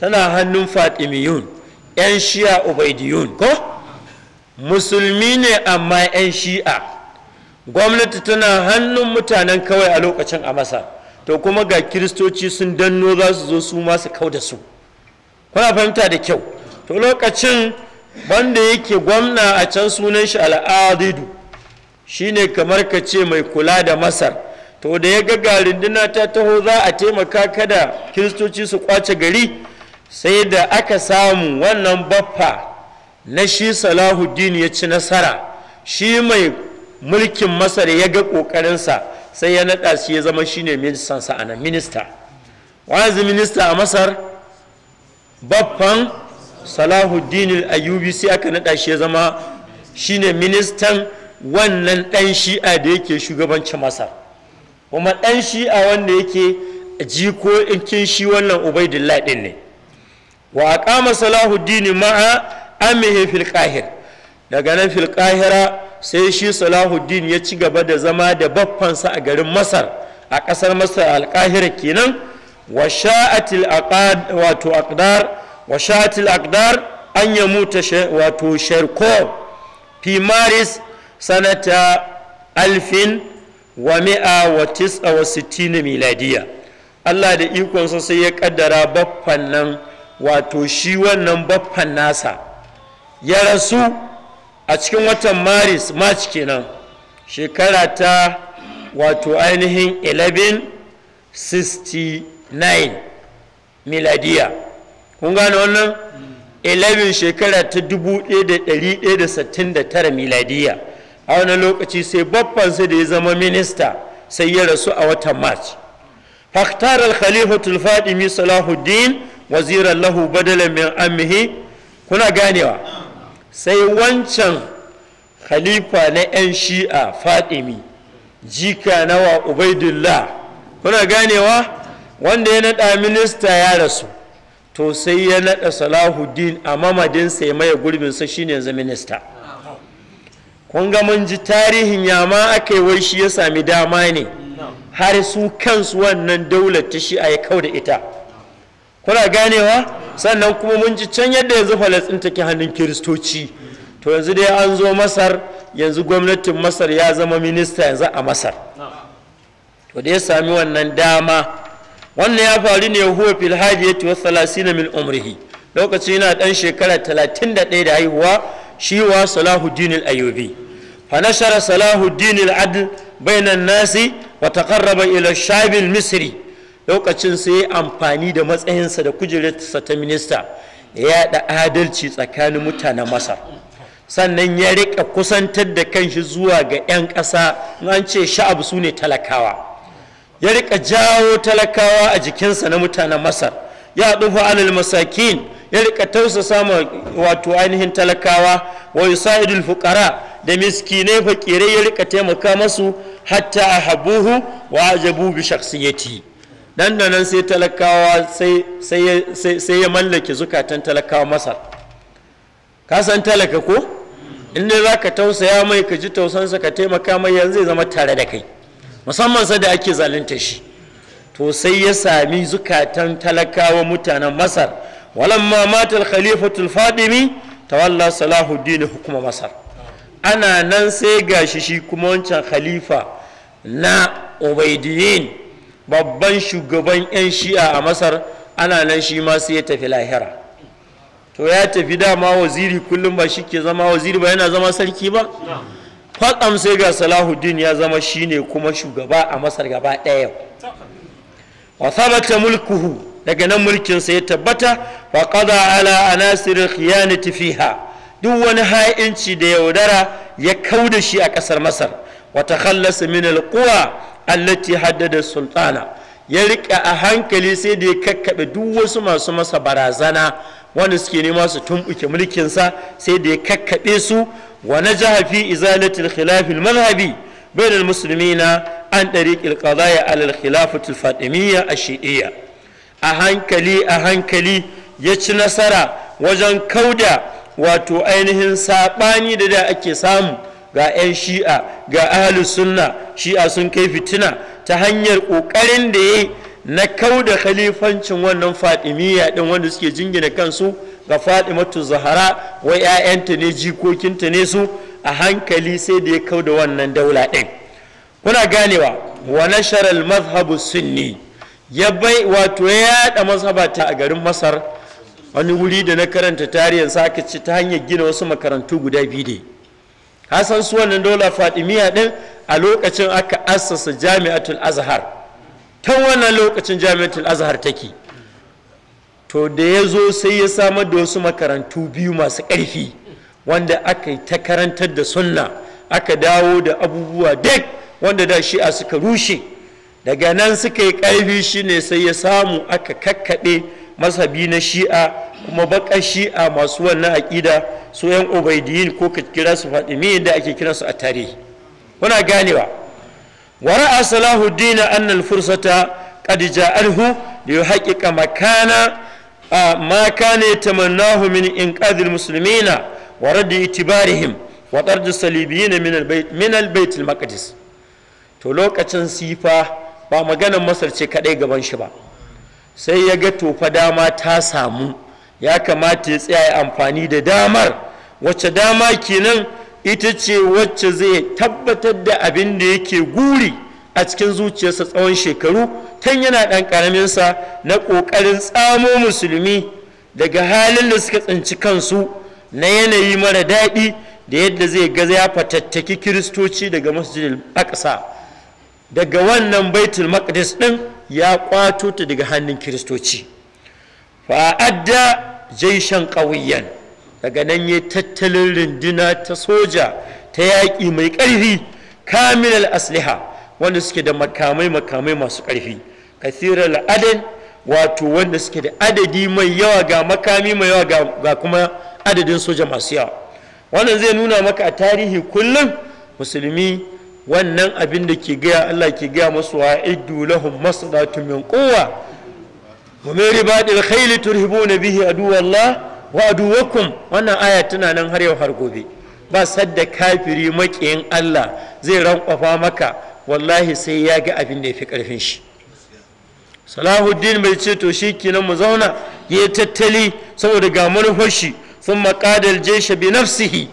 tana hannun fatimiyun 'yan shiya ubaidiyun ko musulmi ne amma 'yan shi'a gwamnati tana hannun mutanen kawai a lokacin a masa to kuma ga kiristoci sun danno za su zo su masu kau da su kuna fahimta da kyau to lokacin wanda yake gwamna a can sunan shi al'adidu ne kamar ka ce mai kula da masar to da ya ga runduna ta taho za a taimaka kada kiristoci su kwace gari sai da aka samu wannan baffa na shi salahuddin ya ci nasara shi mai mulkin masar ya ga ƙoƙarinsa sai ya naɗa shi ya zama shi ne ministansa a minista wani minista a masar babban salahuddin ayubi sai aka naɗa shi ya zama shi ne ministan wannan ɗan shi'a da yake shugabancin masar kuma ɗan shi'a wanda yake jiko in shi wannan UbaidulLah ɗin ne wa aqama salahuddin ma'a amihi fil qahir daga nan fil qahira sai shi salahuddin ya ci gaba da zama da baffansa a garin masar a ƙasar masar alkahira kenan wa sha'atil aqad wato aqdar wa sha'atil aqdar an ya muta wato sharko fi maris sanata alfin wa mi'a wa wa sittina miladiya Allah da ikonsa sai ya kaddara baffan nan wato shi wannan baffan nasa ya rasu a cikin watan maris march kenan shekara ta wato ainihin 1169 miladiya kun gane wannan 11 shekara ta 1169 miladiya a wani lokaci sai babbansa da ya zama minista sai ya rasu a watan march فاختار الخليفة الفاطمي صلاح الدين وزيرا له بدلا من أمه كنا غانيوا sai wancan khalifa na 'yan shi'a fadimi jika nawa ubaidullah kuna ganewa wanda ya naɗa minista ya rasu to sai ya naɗa salahuddin a mamadinsa sai maye gurbinsa shine yanzu minista kun ga mun ji tarihin yama aka yi wai shi ya sami dama ne har su kansu wannan daular ta shi'a ya kau da ita kuna ganewa sannan kuma mun ji can yadda yanzu falastin take hannun kiristoci to yanzu dai an zo masar yanzu gwamnatin masar ya zama minista yanzu a masar to da ya sami wannan dama wannan ya faru ne huwa fil hadiyati wa thalathina min umrihi Lokacin yana dan shekara 31 da haihuwa shi wa salahuddin al ayubi fa nashara salahuddin al-adl bainan nasi wa taqarraba ila shabin misri lokacin sai ya amfani da matsayinsa da kujerarsa ta minista ya yada adalci tsakanin mutanen masar sannan ya rika kusantar da kanshi zuwa ga 'yan ƙasa an ce sha'ab su ne talakawa ya rika jawo talakawa a jikinsa na mutanen masar ya dufa alal masakin ya rika tausa sama wato ainihin talakawa wa yusa'idul fuqara da miskinai fakirai ya rika taimaka masu hatta ahabuhu wa ajabu bi shakhsiyati dan da nan sai talakawa sai ya mallake zukatan talakawa masar ka san talaka ko in dai za ka tausaya mai ka ji tausansa ka taimaka mai yanzu zai zama tare da kai musamman sa da ake zalunta shi to sai ya sami zukatan talakawa mutanen masar walamma matal khalifatul fadimi tawalla salahuddin hukuma masar ana nan sai gashi shi kuma wancan khalifa na ubaidiyin babban shugaban 'yan shi'a a masar ana nan shi ma sai ya tafi lahira to ya tafi dama waziri kullum ba shi ke zama waziri ba yana zama sarki ba kwatsam sai ga salahuddin ya zama shi ne kuma shugaba a masar gaba ɗaya wa sabata mulkuhu daga nan mulkin sa ya tabbata wa qada ala anasir khiyanati fiha duk wani ha'inci da yaudara ya kauda shi a ƙasar masar wa takhallasa min alquwa allati haddada sultana ya rike a hankali sai da ya kakkaɓe duk wasu masu masa barazana wanda suke nema su tumɓuke mulkinsa sai da ya kakkaɓe su wa na jahafi izalatul khilafil manhabi bayan musulmina an ɗari ƙilƙazaya alal khilafatul fatimiyya a shi'iyya a hankali a hankali ya ci nasara wajen kauda wato ainihin saɓani da da ake samu ga 'yan shi'a ga ahalus sunna shi'a sun kai fitina ta hanyar ƙoƙarin da ya na kau da khalifancin wannan fatimiyya ɗin wanda suke jingina kansu ga fatimatu zahara wa 'ya'yanta ne jikokinta ne su a hankali sai da ya kau da wannan daula ɗin kuna ganewa wa nashar al-mazhabu sunni ya bai wato ya yaɗa mazhaba ta a garin masar wani wuri da na karanta tarihin sa ci ta hanyar gina wasu makarantu guda biyu ne hasan su wannan dola fadimiya din a lokacin aka assasa jami'atul azhar ta wannan lokacin jami'atul azhar take to da ya zo sai ya samar da wasu makarantu biyu masu ƙarfi wanda aka yi ta karantar da sunna aka dawo da abubuwa duk wanda da shi a suka rushe daga nan suka yi ƙarfi shine sai ya samu aka kakkaɗe mazhabi na shi'a kuma baka shi'a masu wannan aƙida su yan ubaidiyin ko ka kira su fadimi da ake su a tarihi kuna ganewa wa ra'a salahuddin al fursata qad ja'alhu li yuhaqqiqa makana ma kana yatamannahu min inqadhil muslimina wa radd itibarihim wa tard salibiyina min al-bayt min al-bayt al-maqdis to lokacin sifa ba maganar masar ce kadai gaban shi ba sai ya ga tofa dama ta samu ya kamata ya tsaya amfani da damar wacce dama kenan ita ce wacce zai tabbatar da abin da yake guri a cikin zuciyarsa tsawon shekaru tun yana ɗan ƙaraminsa na ƙoƙarin tsamo musulmi daga halin da suka tsinci kansu na yanayi mara daɗi da yadda zai ga ya fatattaki kiristoci daga masjidil aqsa daga wannan baitul maqdis ɗin ya kwato ta daga hannun kiristoci fa'adda jaishan ƙauyen daga nan ya tattalin runduna ta soja ta yaƙi mai ƙarfi kamilal asliha wanda suke da makamai makamai masu ƙarfi kathirar adan wato wanda suke da adadi mai yawa ga makami mai yawa ga kuma adadin soja masu yawa wannan zai nuna maka a tarihi kullum musulmi wannan abin da ke gaya Allah ke gaya masu wa iddu lahum masdatu min quwwa wa min ribadil turhibuna bihi aduwallah wa aduwakum wannan aya tana nan har yau har gobe ba sadda kafiri makiyin Allah zai rankwafa maka wallahi sai ya ga abin da ya fi karfin shi salahuddin bai ce to shi kenan mu zauna ya tattali saboda ga manufar shi sun maƙadar jesha bi nafsihi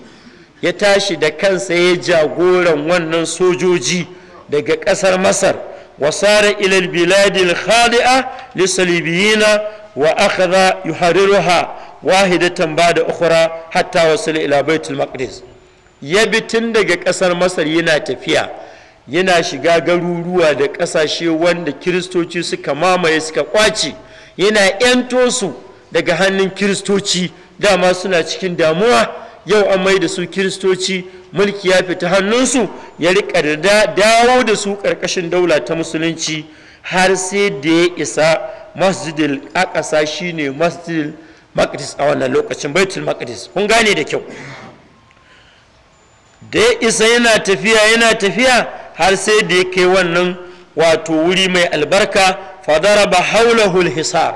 ya tashi da kansa ya jagoran wannan sojoji daga ƙasar masar wasara ilal biladil khali'a lisalibiyina wa akhadha yuhariruha wahidatan ba'da ukhra hatta wasila ila baitul maqdis ya bi tun daga ƙasar masar yana tafiya yana shiga garuruwa da ƙasashe wanda kiristoci suka mamaye suka kwace yana 'yanto daga hannun kiristoci dama suna cikin damuwa yau an mai da su kiristoci mulki ya fita hannunsu ya riƙa da dawo da su ƙarƙashin daula ta musulunci har sai da ya isa masjidil shi shine masjidil maqdis a wannan lokacin baitul maqdis kun gane da kyau da ya isa yana tafiya yana tafiya har sai da ya kai wannan wato wuri mai albarka ba haulahul hisar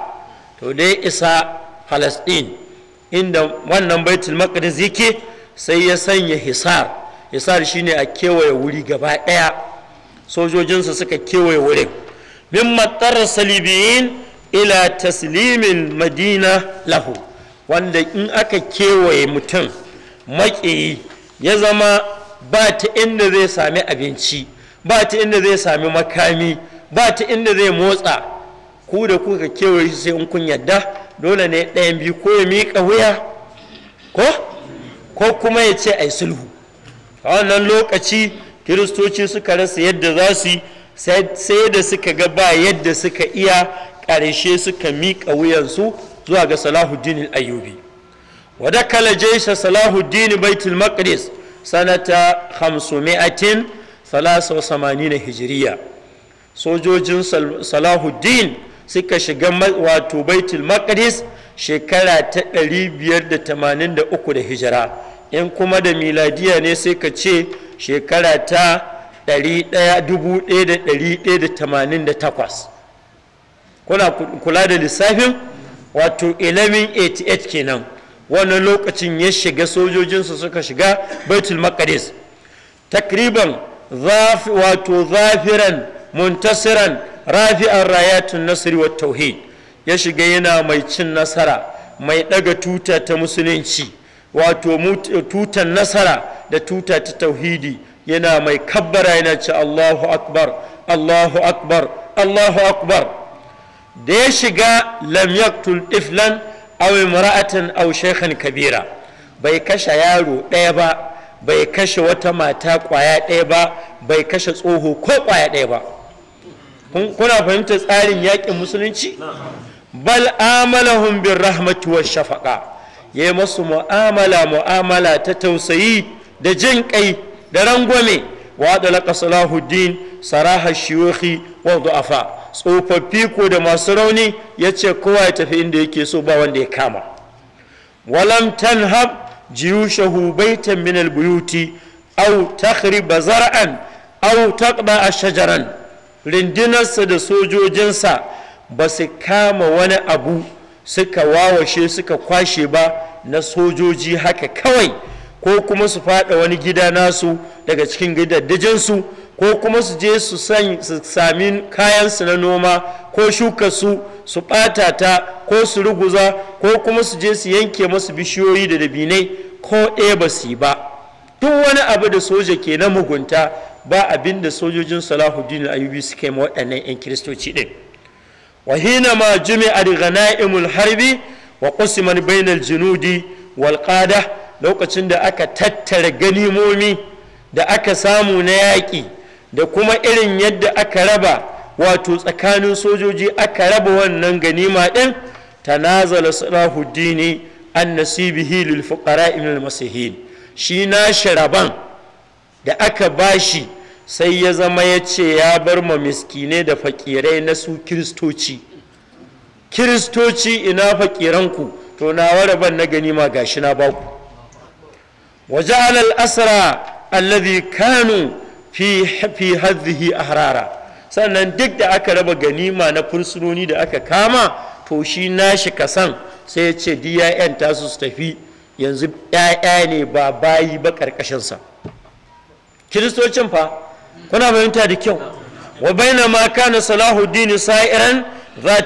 to da ya isa falastin inda wannan baitul maqdis yake sai ya sanya hisar hisar shine a kewaye wuri gaba ɗaya sojojinsa suka kewaye wurin min matar salibiyin ila taslimin madina lahu wanda in aka kewaye mutum maƙiyi ya zama ba ta inda zai sami abinci ba ta inda zai sami makami ba ta inda zai motsa ku da kuka kewaye shi sai in kun yadda dole ne ɗayan biyu ko ya miƙa wuya ko ko kuma ya ce ai sulhu a wannan lokaci kiristoci suka rasa yadda za su yi sai da suka ga ba yadda suka iya ƙarshe suka miƙa wuyansu zuwa ga salahuddin ayyubi wadda kala jesha salahuddin baitul maqdis sanata 583 hijiriya sojojin salahuddin suka shiga wato baitul maqdis shekara ta 583 da hijira in kuma da miladiya ne sai ka ce shekara ta 1188 kuna kula da lissafin wato 1188 kenan wannan lokacin ya shiga sojojinsu suka shiga baitul maqdis takriban wato zafiran muntasiran rafi'ar rayatun nasri wa tauhid ya shiga yana mai cin nasara mai daga tuta ta musulunci wato tutan nasara da tuta ta tauhidi yana mai kabbara yana ce Allahu akbar Allahu akbar Allahu akbar da ya shiga lam yaktul iflan aw imra'atan aw shaykhan kabira bai kashe yaro ɗaya ba bai kashe wata mata ƙwaya ɗaya ba bai kashe tsoho ko ƙwaya ɗaya ba kuna fahimtar tsarin yakin musulunci bal amalahum bir rahmatu wa shafaqa yayi masu mu'amala mu'amala ta tausayi da jin kai da rangwame wa da laqasalahuddin saraha shiyukhi wa du'afa tsofaffi ko da masu rauni yace kowa ya tafi inda yake so ba wanda ya kama walam tanhab jiyushahu baitan min albuyuti aw takhriba zar'an aw taqba shajaran rindinarsa da sojojinsa ba su kama wani abu suka wawashe suka kwashe ba na sojoji haka kawai ko kuma su fada wani gida nasu daga cikin gidajensu ko kuma su je su sami kayansu na noma ko shuka su su ɓata ta ko su ruguza ko kuma su je su yanke masu bishiyoyi da dabinai ko ɗaya ba su yi ba duk wani abu da soja ke na mugunta ba abin da sojojin salahuddin ayyubi suka yi waɗannan 'yan kiristoci ɗin wa hina ma jumi'ar ghana'imul harbi wa qusiman bainal junudi wal qada lokacin da aka tattara ganimomi da aka samu na yaƙi da kuma irin yadda aka raba wato tsakanin sojoji aka raba wannan ganima ɗin tanazala salahuddin an nasibihi lil fuqara'i min al masihin shi na sharaban da aka bashi sai ya zama ya ce ya bar ma miskine da fakirai na su kiristoci kiristoci ina fakiranku to na ban na gani ma gashi na baku waje alal asara alladhi kanu fi fi hadhihi ahrara sannan duk da aka raba ganima na fursunoni da aka kama to shi nashi kasan sai ya ce diya tasu su tafi yanzu 'ya'ya ne ba bayi ba ƙarƙashinsa kiristocin fa kuna fahimta da kyau wa baina ma kana salahuddin sa'iran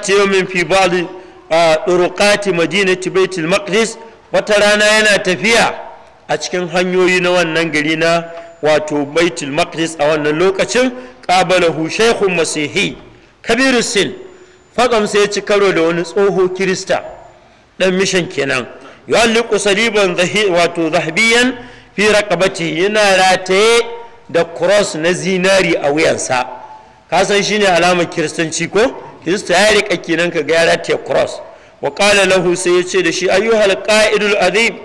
yi min fi ba'd durqati madinati baitul maqdis wata rana yana tafiya a cikin hanyoyi na wannan gari na wato baitul maqdis a wannan lokacin qabalahu shaykhun masihi kabiru sin fakam sai ya ci karo da wani tsoho kirista dan mishan kenan yu'alliqu saliban wato zahabiyan fi raqabati yana rataye da cross na zinari a wuyansa ka san shine alamar kiristanci ko kirista ya rika kenan ka ga ya rataya cross wa qala lahu sai ya ce da shi ayyuhal qa'idul azim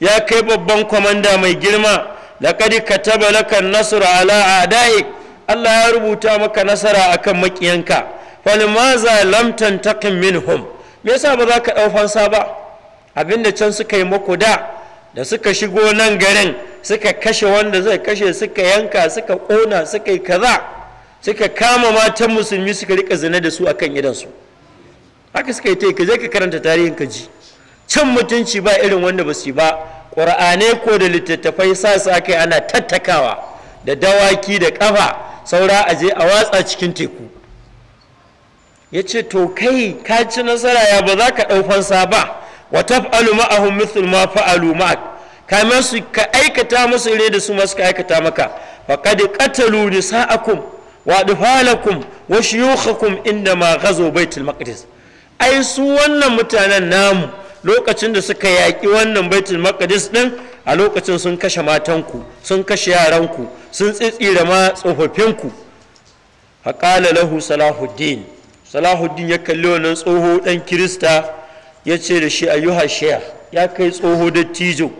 ya kai babban kwamanda mai girma laqad kataba laka nasr ala a'daik Allah ya rubuta maka nasara akan makiyanka falmaza lam tantaqim minhum me yasa ba za ka dau fansa ba abinda can suka yi muku da da suka shigo nan garin suka kashe wanda zai kashe suka yanka suka ƙona suka yi kaza suka kama matan musulmi suka rika zina da su akan idansu haka suka yi ta ka je ka karanta tarihin ka ji can mutunci ba irin wanda ba su ba ƙur'ane ko da littattafai sa su aka yi ana tattakawa da dawaki da ƙafa saura a je a watsa cikin teku ya ce to kai ka ci nasara ya ba za ka ɗau fansa ba wa taf'alu ma'ahum mithlu ma fa'alu ma'ak kamar su ka aikata musu ire da su masu suka aikata maka faqad qatalu nisa'akum wa dhalakum wa shuyukhakum inda ma ghazo baitul maqdis ai su wannan mutanen namu lokacin da suka yaki wannan baitul maqdis din a lokacin sun kashe matanku sun kashe yaranku sun tsitsira ma tsofaffinku qala lahu salahuddin salahuddin ya kalli wannan tsoho ɗan kirista ya ce da shi ayyuha shiya ya kai tsoho dattijo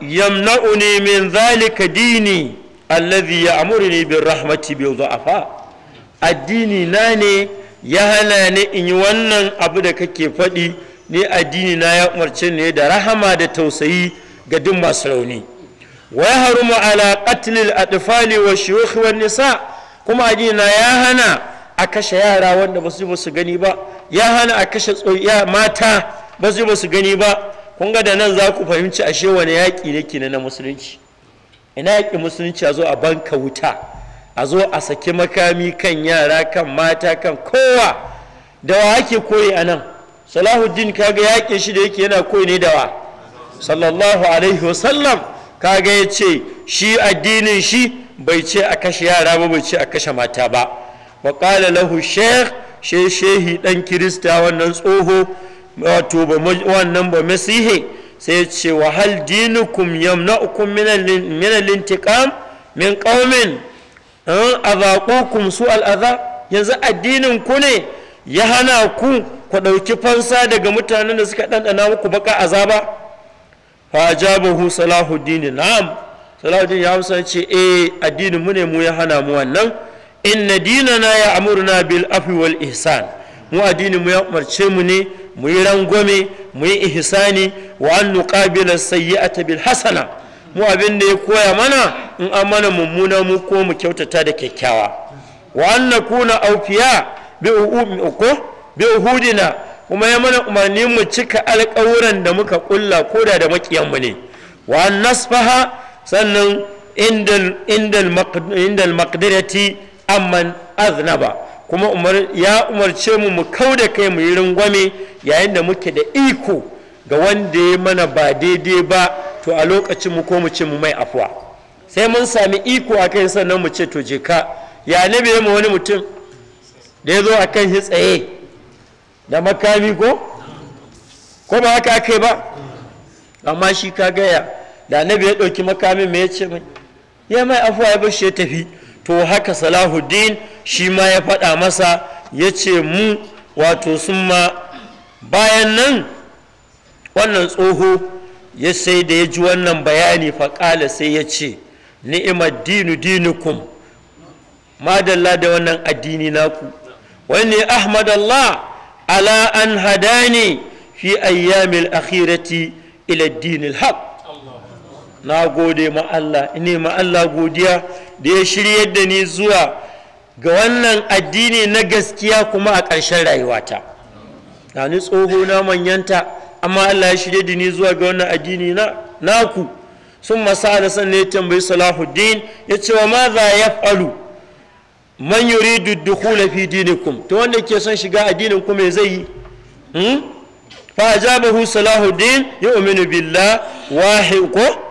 yamna'uni min zalika dini allazi ya'muruni bir rahmati bi dha'afa addini na ne ya hana ni in yi wannan abu da kake faɗi ne addini na ya umarce ne da rahama da tausayi ga duk masu rauni wa ya haruma ala qatlil atfali wa shuyukh wan nisa kuma addini na ya hana a kashe yara wanda ba su ba su gani ba ya hana a kashe mata ba su ba su gani ba kun ga da nan za ku fahimci ashe wani yaƙi ne ke na musulunci ina yaƙi musulunci a zo a banka wuta a zo a saki makami kan yara kan mata kan kowa da wa ake koyi a nan salahuddin kaga yaƙin shi da yake yana koyi ne da wa sallallahu alaihi wasallam kaga ya ce shi addinin shi bai ce a kashe yara ba bai ce a kashe mata ba wa lahu sheikh shehi dan kirista wannan tsoho wato ba wannan ba masihi sai ya ce wa hal dinukum yamna'ukum min al-intiqam min qaumin an azaqukum su al adha yanzu addinin ku ne ya hana ku ku dauki fansa daga mutanen da suka dandana muku baka azaba fa ajabahu salahuddin na'am salahuddin ya amsa ce eh addinin mu ne mu ya hana mu wannan inna dinana ya amurna bil afwi wal ihsan mu addinin mu ya umarce mu ne mu yi rangwame mu yi ihsani wa an nuqabila sayyi'ata bil hasana mu abin da ya koya mana in an mana mummuna mu ko mu kyautata da kyakkyawa wa an nakuna awfiya bi ko bi uhudina kuma ya mana umarni mu cika alƙawuran da muka kulla koda da makiyan mu ne wa an nasfaha sannan indal indal indal maqdirati amman aznaba kuma ya umarce mu mu kau da kai mu yi ringwame yayin da muke da iko ga wanda ya mana ba daidai ba to a lokacin mu ko mu ce mu mai afuwa sai mun sami iko a kai sannan mu ce to je ka ya nabi ya wani mutum da ya zo a kan shi tsaye da makami ko ko ba haka kai ba amma shi ka gaya da nabi ya ɗauki makamin me ya ce mai ya mai afuwa ya bar shi ya tafi to haka salahuddin shi ma ya faɗa masa ya ce mu wato sun ma bayan nan wannan tsoho ya sai da ya ji wannan bayani faƙala sai ya ce ni'imar dinu dinukum madalla da wannan addini naku wani allah ala an hadani fi ayyamil akhirati ila dinil haq na gode ma Allah ne ma Allah godiya da ya shirye da ni zuwa ga wannan addini na gaskiya kuma a ƙarshen rayuwata na ni tsoho na manyanta amma Allah ya shirye da ni zuwa ga wannan addini na naku sun masa da san ya tambayi salahuddin ya ce wa maza ya falu man yuridu dukhula fi dinikum to wanda ke son shiga addinin ku me zai yi hmm? fa ajabahu salahuddin yu'minu billah wahi ko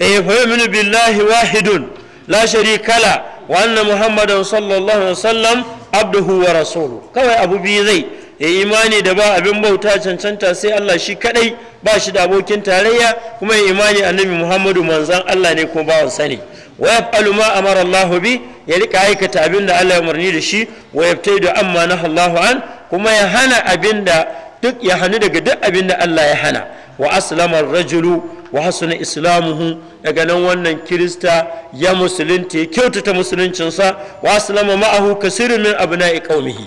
eh fa yu'minu billahi wahidun la sharika la wa anna muhammadan sallallahu alaihi wasallam abduhu wa rasuluhu kawai abu biyu zai ya imani da ba abin bauta cancanta sai Allah shi kadai ba shi da abokin tarayya kuma ya imani annabi Muhammadu manzan Allah ne kuma bawan sani wa yaf'alu ma amara Allah bi ya rika aikata abin da Allah ya umarni da shi wa yabtaidu amma nahallahu an kuma ya hana abin da duk ya hannu daga duk abin da Allah ya hana wa aslamar rajulu wa hasuna islamuhu daga nan wannan kirista ya musulunta ya kyautata musuluncinsa wa aslama ma'ahu kasirin min abna'i qaumihi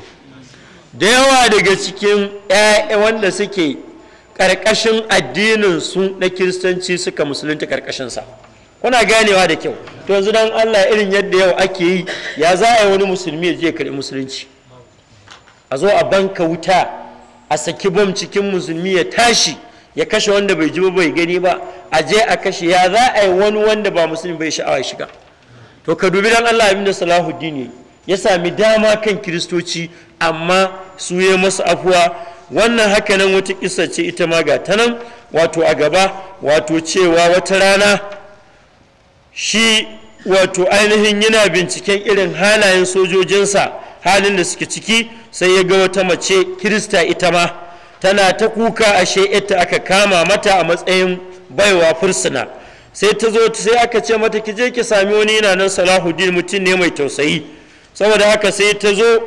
da yawa daga cikin ƴaƴa wanda suke karkashin addinin su na kiristanci suka musulunta karkashinsa sa kuna ganewa da kyau to yanzu dan Allah irin yadda yau ake yi ya za a yi wani musulmi ya je ya karɓi musulunci a zo a banka wuta a saki bom cikin musulmi ya tashi ya kashe wanda bai ji ba bai gani ba a je a kashe ya za a yi wani wanda ba musulmi bai sha'awa shiga to ka dubi dan Allah abinda Salahuddin ya ya sami dama kan kiristoci amma su ya masu afuwa wannan haka nan wata kisa ce ita ma ga ta nan wato a gaba wato cewa wata rana shi wato ainihin yana binciken irin halayen sojojinsa halin da suke ciki sai ya ga wata mace kirista ita ma tana ta kuka ashe ita aka kama mata a matsayin baiwa fursuna sai ta zo sai aka ce mata ki je ki sami wani yana nan salahuddin mutum ne mai tausayi saboda haka sai ta zo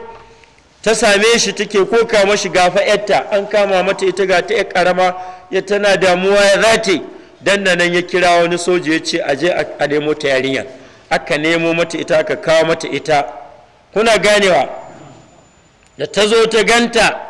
ta same shi take ko kama shi gafa yarta an kama mata ita ga ta karama ya tana damuwa ya zate dan nan ya kira wani soja ya ce aje a nemo ta yarinya aka nemo mata ita aka kawo mata ita kuna ganewa da ta zo ta ganta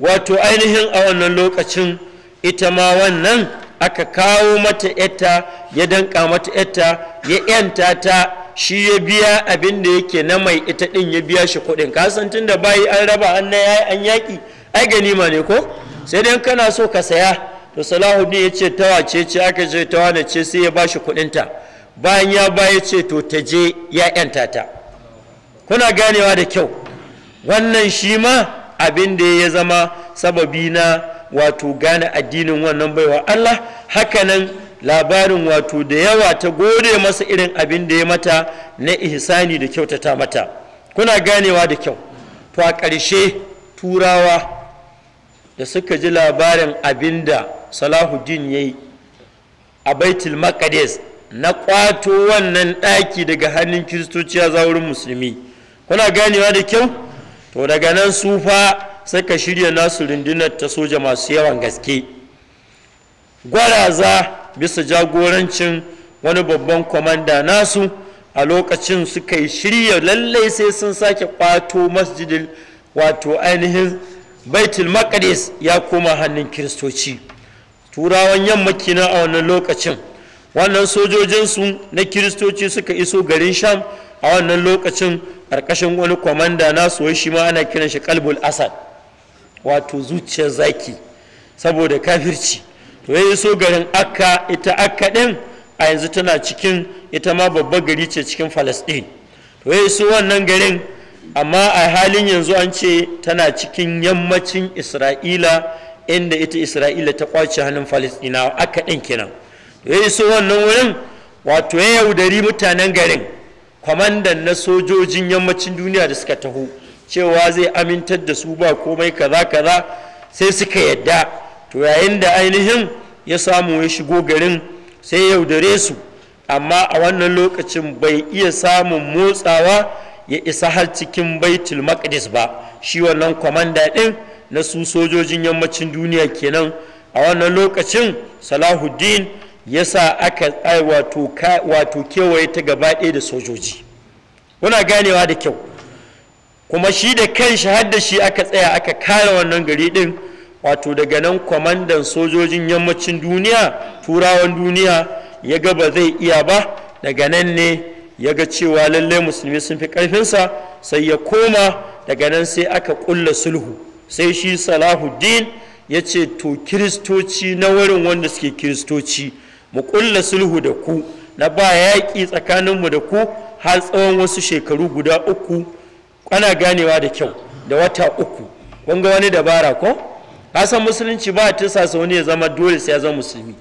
wato ainihin a wannan lokacin ita ma wannan aka kawo mata yatta ya danka mata yatta ya yanta ta shi ya biya abin da yake na mai ita din ya biya shi kuɗin kasan tun da bayi an raba an na yayi an yaki, ai gani ma ne ko sai dai kana so ka saya to salahuddin ya ce ta wace ce aka je ta wane ce sai ya bashi ta bayan ya baya ce to ta je ya yanta ta kuna ganewa da kyau wannan shi ma abin da ya zama sababi na wato gane addinin wannan baiwa Allah haka nan labarin wato da yawa ta gode masa irin abin da ya mata na ihsani da kyautata mata kuna ganewa da kyau to a ƙarshe turawa da suka ji labarin abin da salahuddin ya yi a baitul maqdis na kwato wannan ɗaki daga hannun kiristoci zaurin musulmi kuna ganewa da kyau to daga nan su fa ka shirya nasu rundunar ta soja masu yawan gaske gwaraza bisa jagorancin wani babban kwamanda nasu a lokacin suka yi shirya lallai sai sun sake kwato masjidin wato ainihin baitul maqdis ya koma hannun kiristoci turawan yamma kina a wannan lokacin wannan sojojinsu na kiristoci suka iso garin sham a wannan lokacin ƙarƙashin wani kwamanda na soyi shi ma ana kiran shi kalbul asad wato zuciyar zaki saboda kafirci to ya so garin akka ita akka ɗin a yanzu tana cikin ita ma babbar gari ce cikin falasɗin to ya so wannan garin amma a halin yanzu an ce tana cikin yammacin isra'ila inda ita isra'ila ta kwace hannun falasɗinawa akka ɗin kenan to ya so wannan wurin wato ya yaudari mutanen garin kwamandan na sojojin yammacin duniya da suka taho cewa zai amintar da su ba komai kaza kaza sai suka yadda to yayin da ainihin ya samu ya shigo garin sai yaudare su amma a wannan lokacin bai iya samun motsawa ya isa har cikin baitul maqdis ba shi wannan kwamanda din na su sojojin yammacin duniya kenan a wannan lokacin salahuddin ya sa aka wato kewaye ta gaba ɗaya da sojoji muna ganewa da kyau kuma shi da kanshi har da shi aka tsaya aka kare wannan gari ɗin wato daga nan kwamandan sojojin yammacin duniya turawan duniya ya ga ba zai iya ba daga nan ne ya ga cewa lallai musulmi sun fi ƙarfinsa sai ya koma daga nan sai aka ƙulla sulhu sai shi salahuddin ya ce to kiristoci na wurin wanda suke kiristoci mu ƙulla sulhu da ku na ba yaƙi tsakaninmu da ku har tsawon wasu shekaru guda uku ana ganewa da kyau da wata uku kun ga wani dabara ko kasan musulunci ba ta sa wani ya zama dole sai ya zama musulmi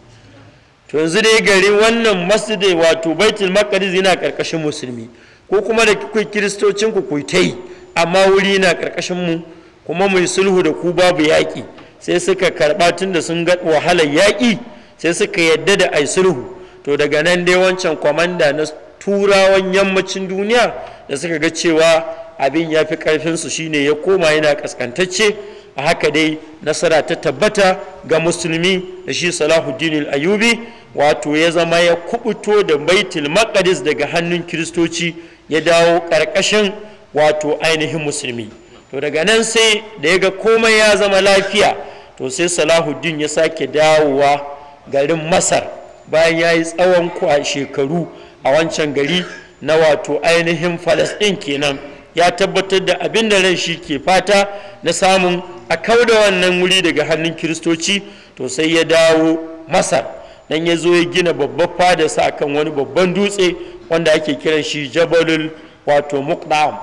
to yanzu dai gari wannan masjidai wato baitul maqdis yana karkashin musulmi ko kuma da kuke kiristocin ku kuitai amma wuri yana karkashin mu kuma mai sulhu da ku babu yaƙi sai suka karɓa tunda sun ga wahalar yaƙi sai suka yadda da aisulhu to daga nan dai wancan kwamanda na turawan yammacin duniya da suka ga cewa abin ya fi ƙarfinsu shine ya koma yana ƙasƙantacce a haka dai nasara ta tabbata ga musulmi da shi salahuddin ayubi wato ya zama ya kubuto da baitul maqdis daga hannun kiristoci ya dawo ƙarƙashin wato ainihin musulmi to daga nan sai da ya ga komai ya zama lafiya to sai salahuddin ya sake dawowa garin masar bayan ya yi tsawon shekaru a wancan gari na wato ainihin falasɗin kenan ya tabbatar da abin da ran shi ke fata na samun a da wannan wuri daga hannun kiristoci to sai ya dawo masar dan ya zo ya gina babban fada sa kan wani babban dutse wanda ake kiran shi jabalul wato muqdam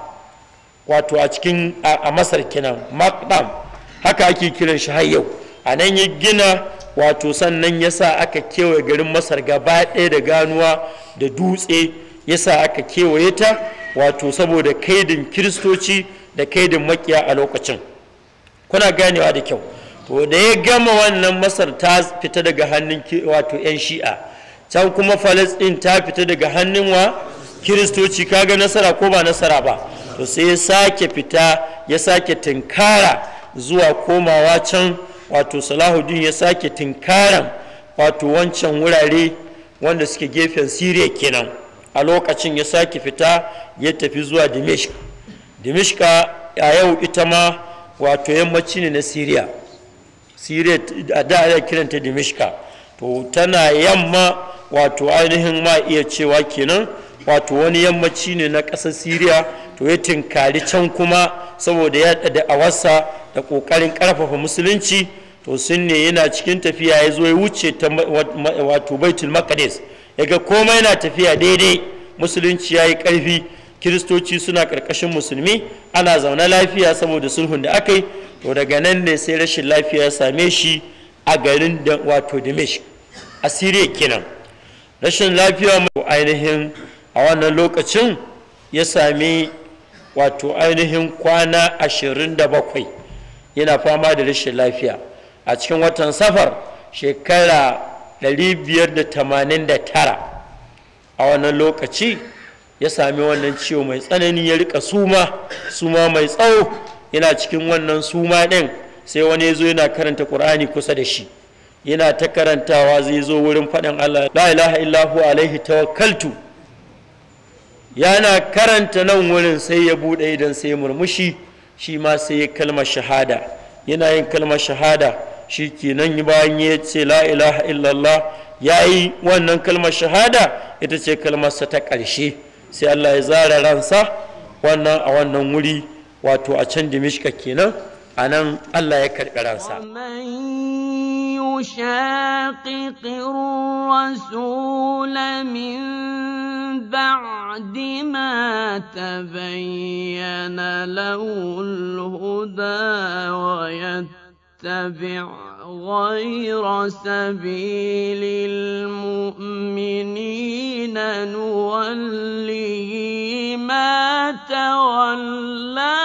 wato a cikin a masar kenan maqdam haka ake kiran shi har yau a nan ya gina wato sannan ya sa aka kewaye garin masar gaba ɗaya da ganuwa da dutse ya sa aka kewaye ta wato saboda kaidin kiristoci da kaidin makiya a lokacin kuna ganewa da kyau to da ya gama wannan masar ta fita daga hannun wato 'yan shi'a can kuma falastin ta fita daga hannun wa kiristoci kaga nasara ko ba nasara ba to sai ya sake fita ya sake tinkara zuwa komawa can wato salahuddin ya sake tinkaran wato wancan wurare wanda suke gefen siriya kenan a lokacin ya sake fita ya tafi zuwa dimishk dimishka a yau ita ma wato yammaci ne na siriya siriya a da ana kiranta dimishka to tana yamma wato ainihin ma iya cewa kenan wato wani yammaci ne na ƙasar siriya to ya tinkari can kuma saboda ya da awarsa da ƙoƙarin ƙarfafa musulunci to sun ne yana cikin tafiya ya zo ya wuce ta wato baitul maqdis yaga komai yana tafiya daidai musulunci ya yi ƙarfi kiristoci suna ƙarƙashin musulmi ana zaune lafiya saboda sulhun da aka yi to daga nan ne sai rashin lafiya ya same shi a garin da wato dimish siriya kenan rashin lafiya mai ainihin a wannan lokacin ya sami wato ainihin kwana ashirin da bakwai yana fama da rashin lafiya a cikin watan safar shekara 589 a wannan lokaci ya sami wannan ciwo mai tsanani ya rika suma suma mai tsawo yana cikin wannan suma ɗin sai wani ya zo yana karanta ƙur'ani kusa da shi yana ta karantawa zai zo wurin faɗin Allah la ilaha illahu alaihi tawakkaltu yana karanta nan wurin sai ya buɗe idan sai murmushi shi ma sai ya kalmar shahada yana yin kalmar shahada shi kenan bayan ya ce la ilaha illallah ya yi wannan kalmar shahada ita ce kalmarsa ta ƙarshe sai Allah ya zara ransa wannan a wannan wuri wato a can dimishka kenan a nan Allah ya karɓi ransa يشاقق الرسول من بعد ما تبين له الهدى ويتبع تتبع غير سبيل المؤمنين نوليه ما تولى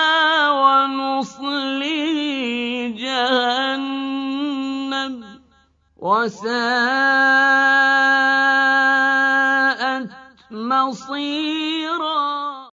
ونصليه جهنم وساءت مصيرا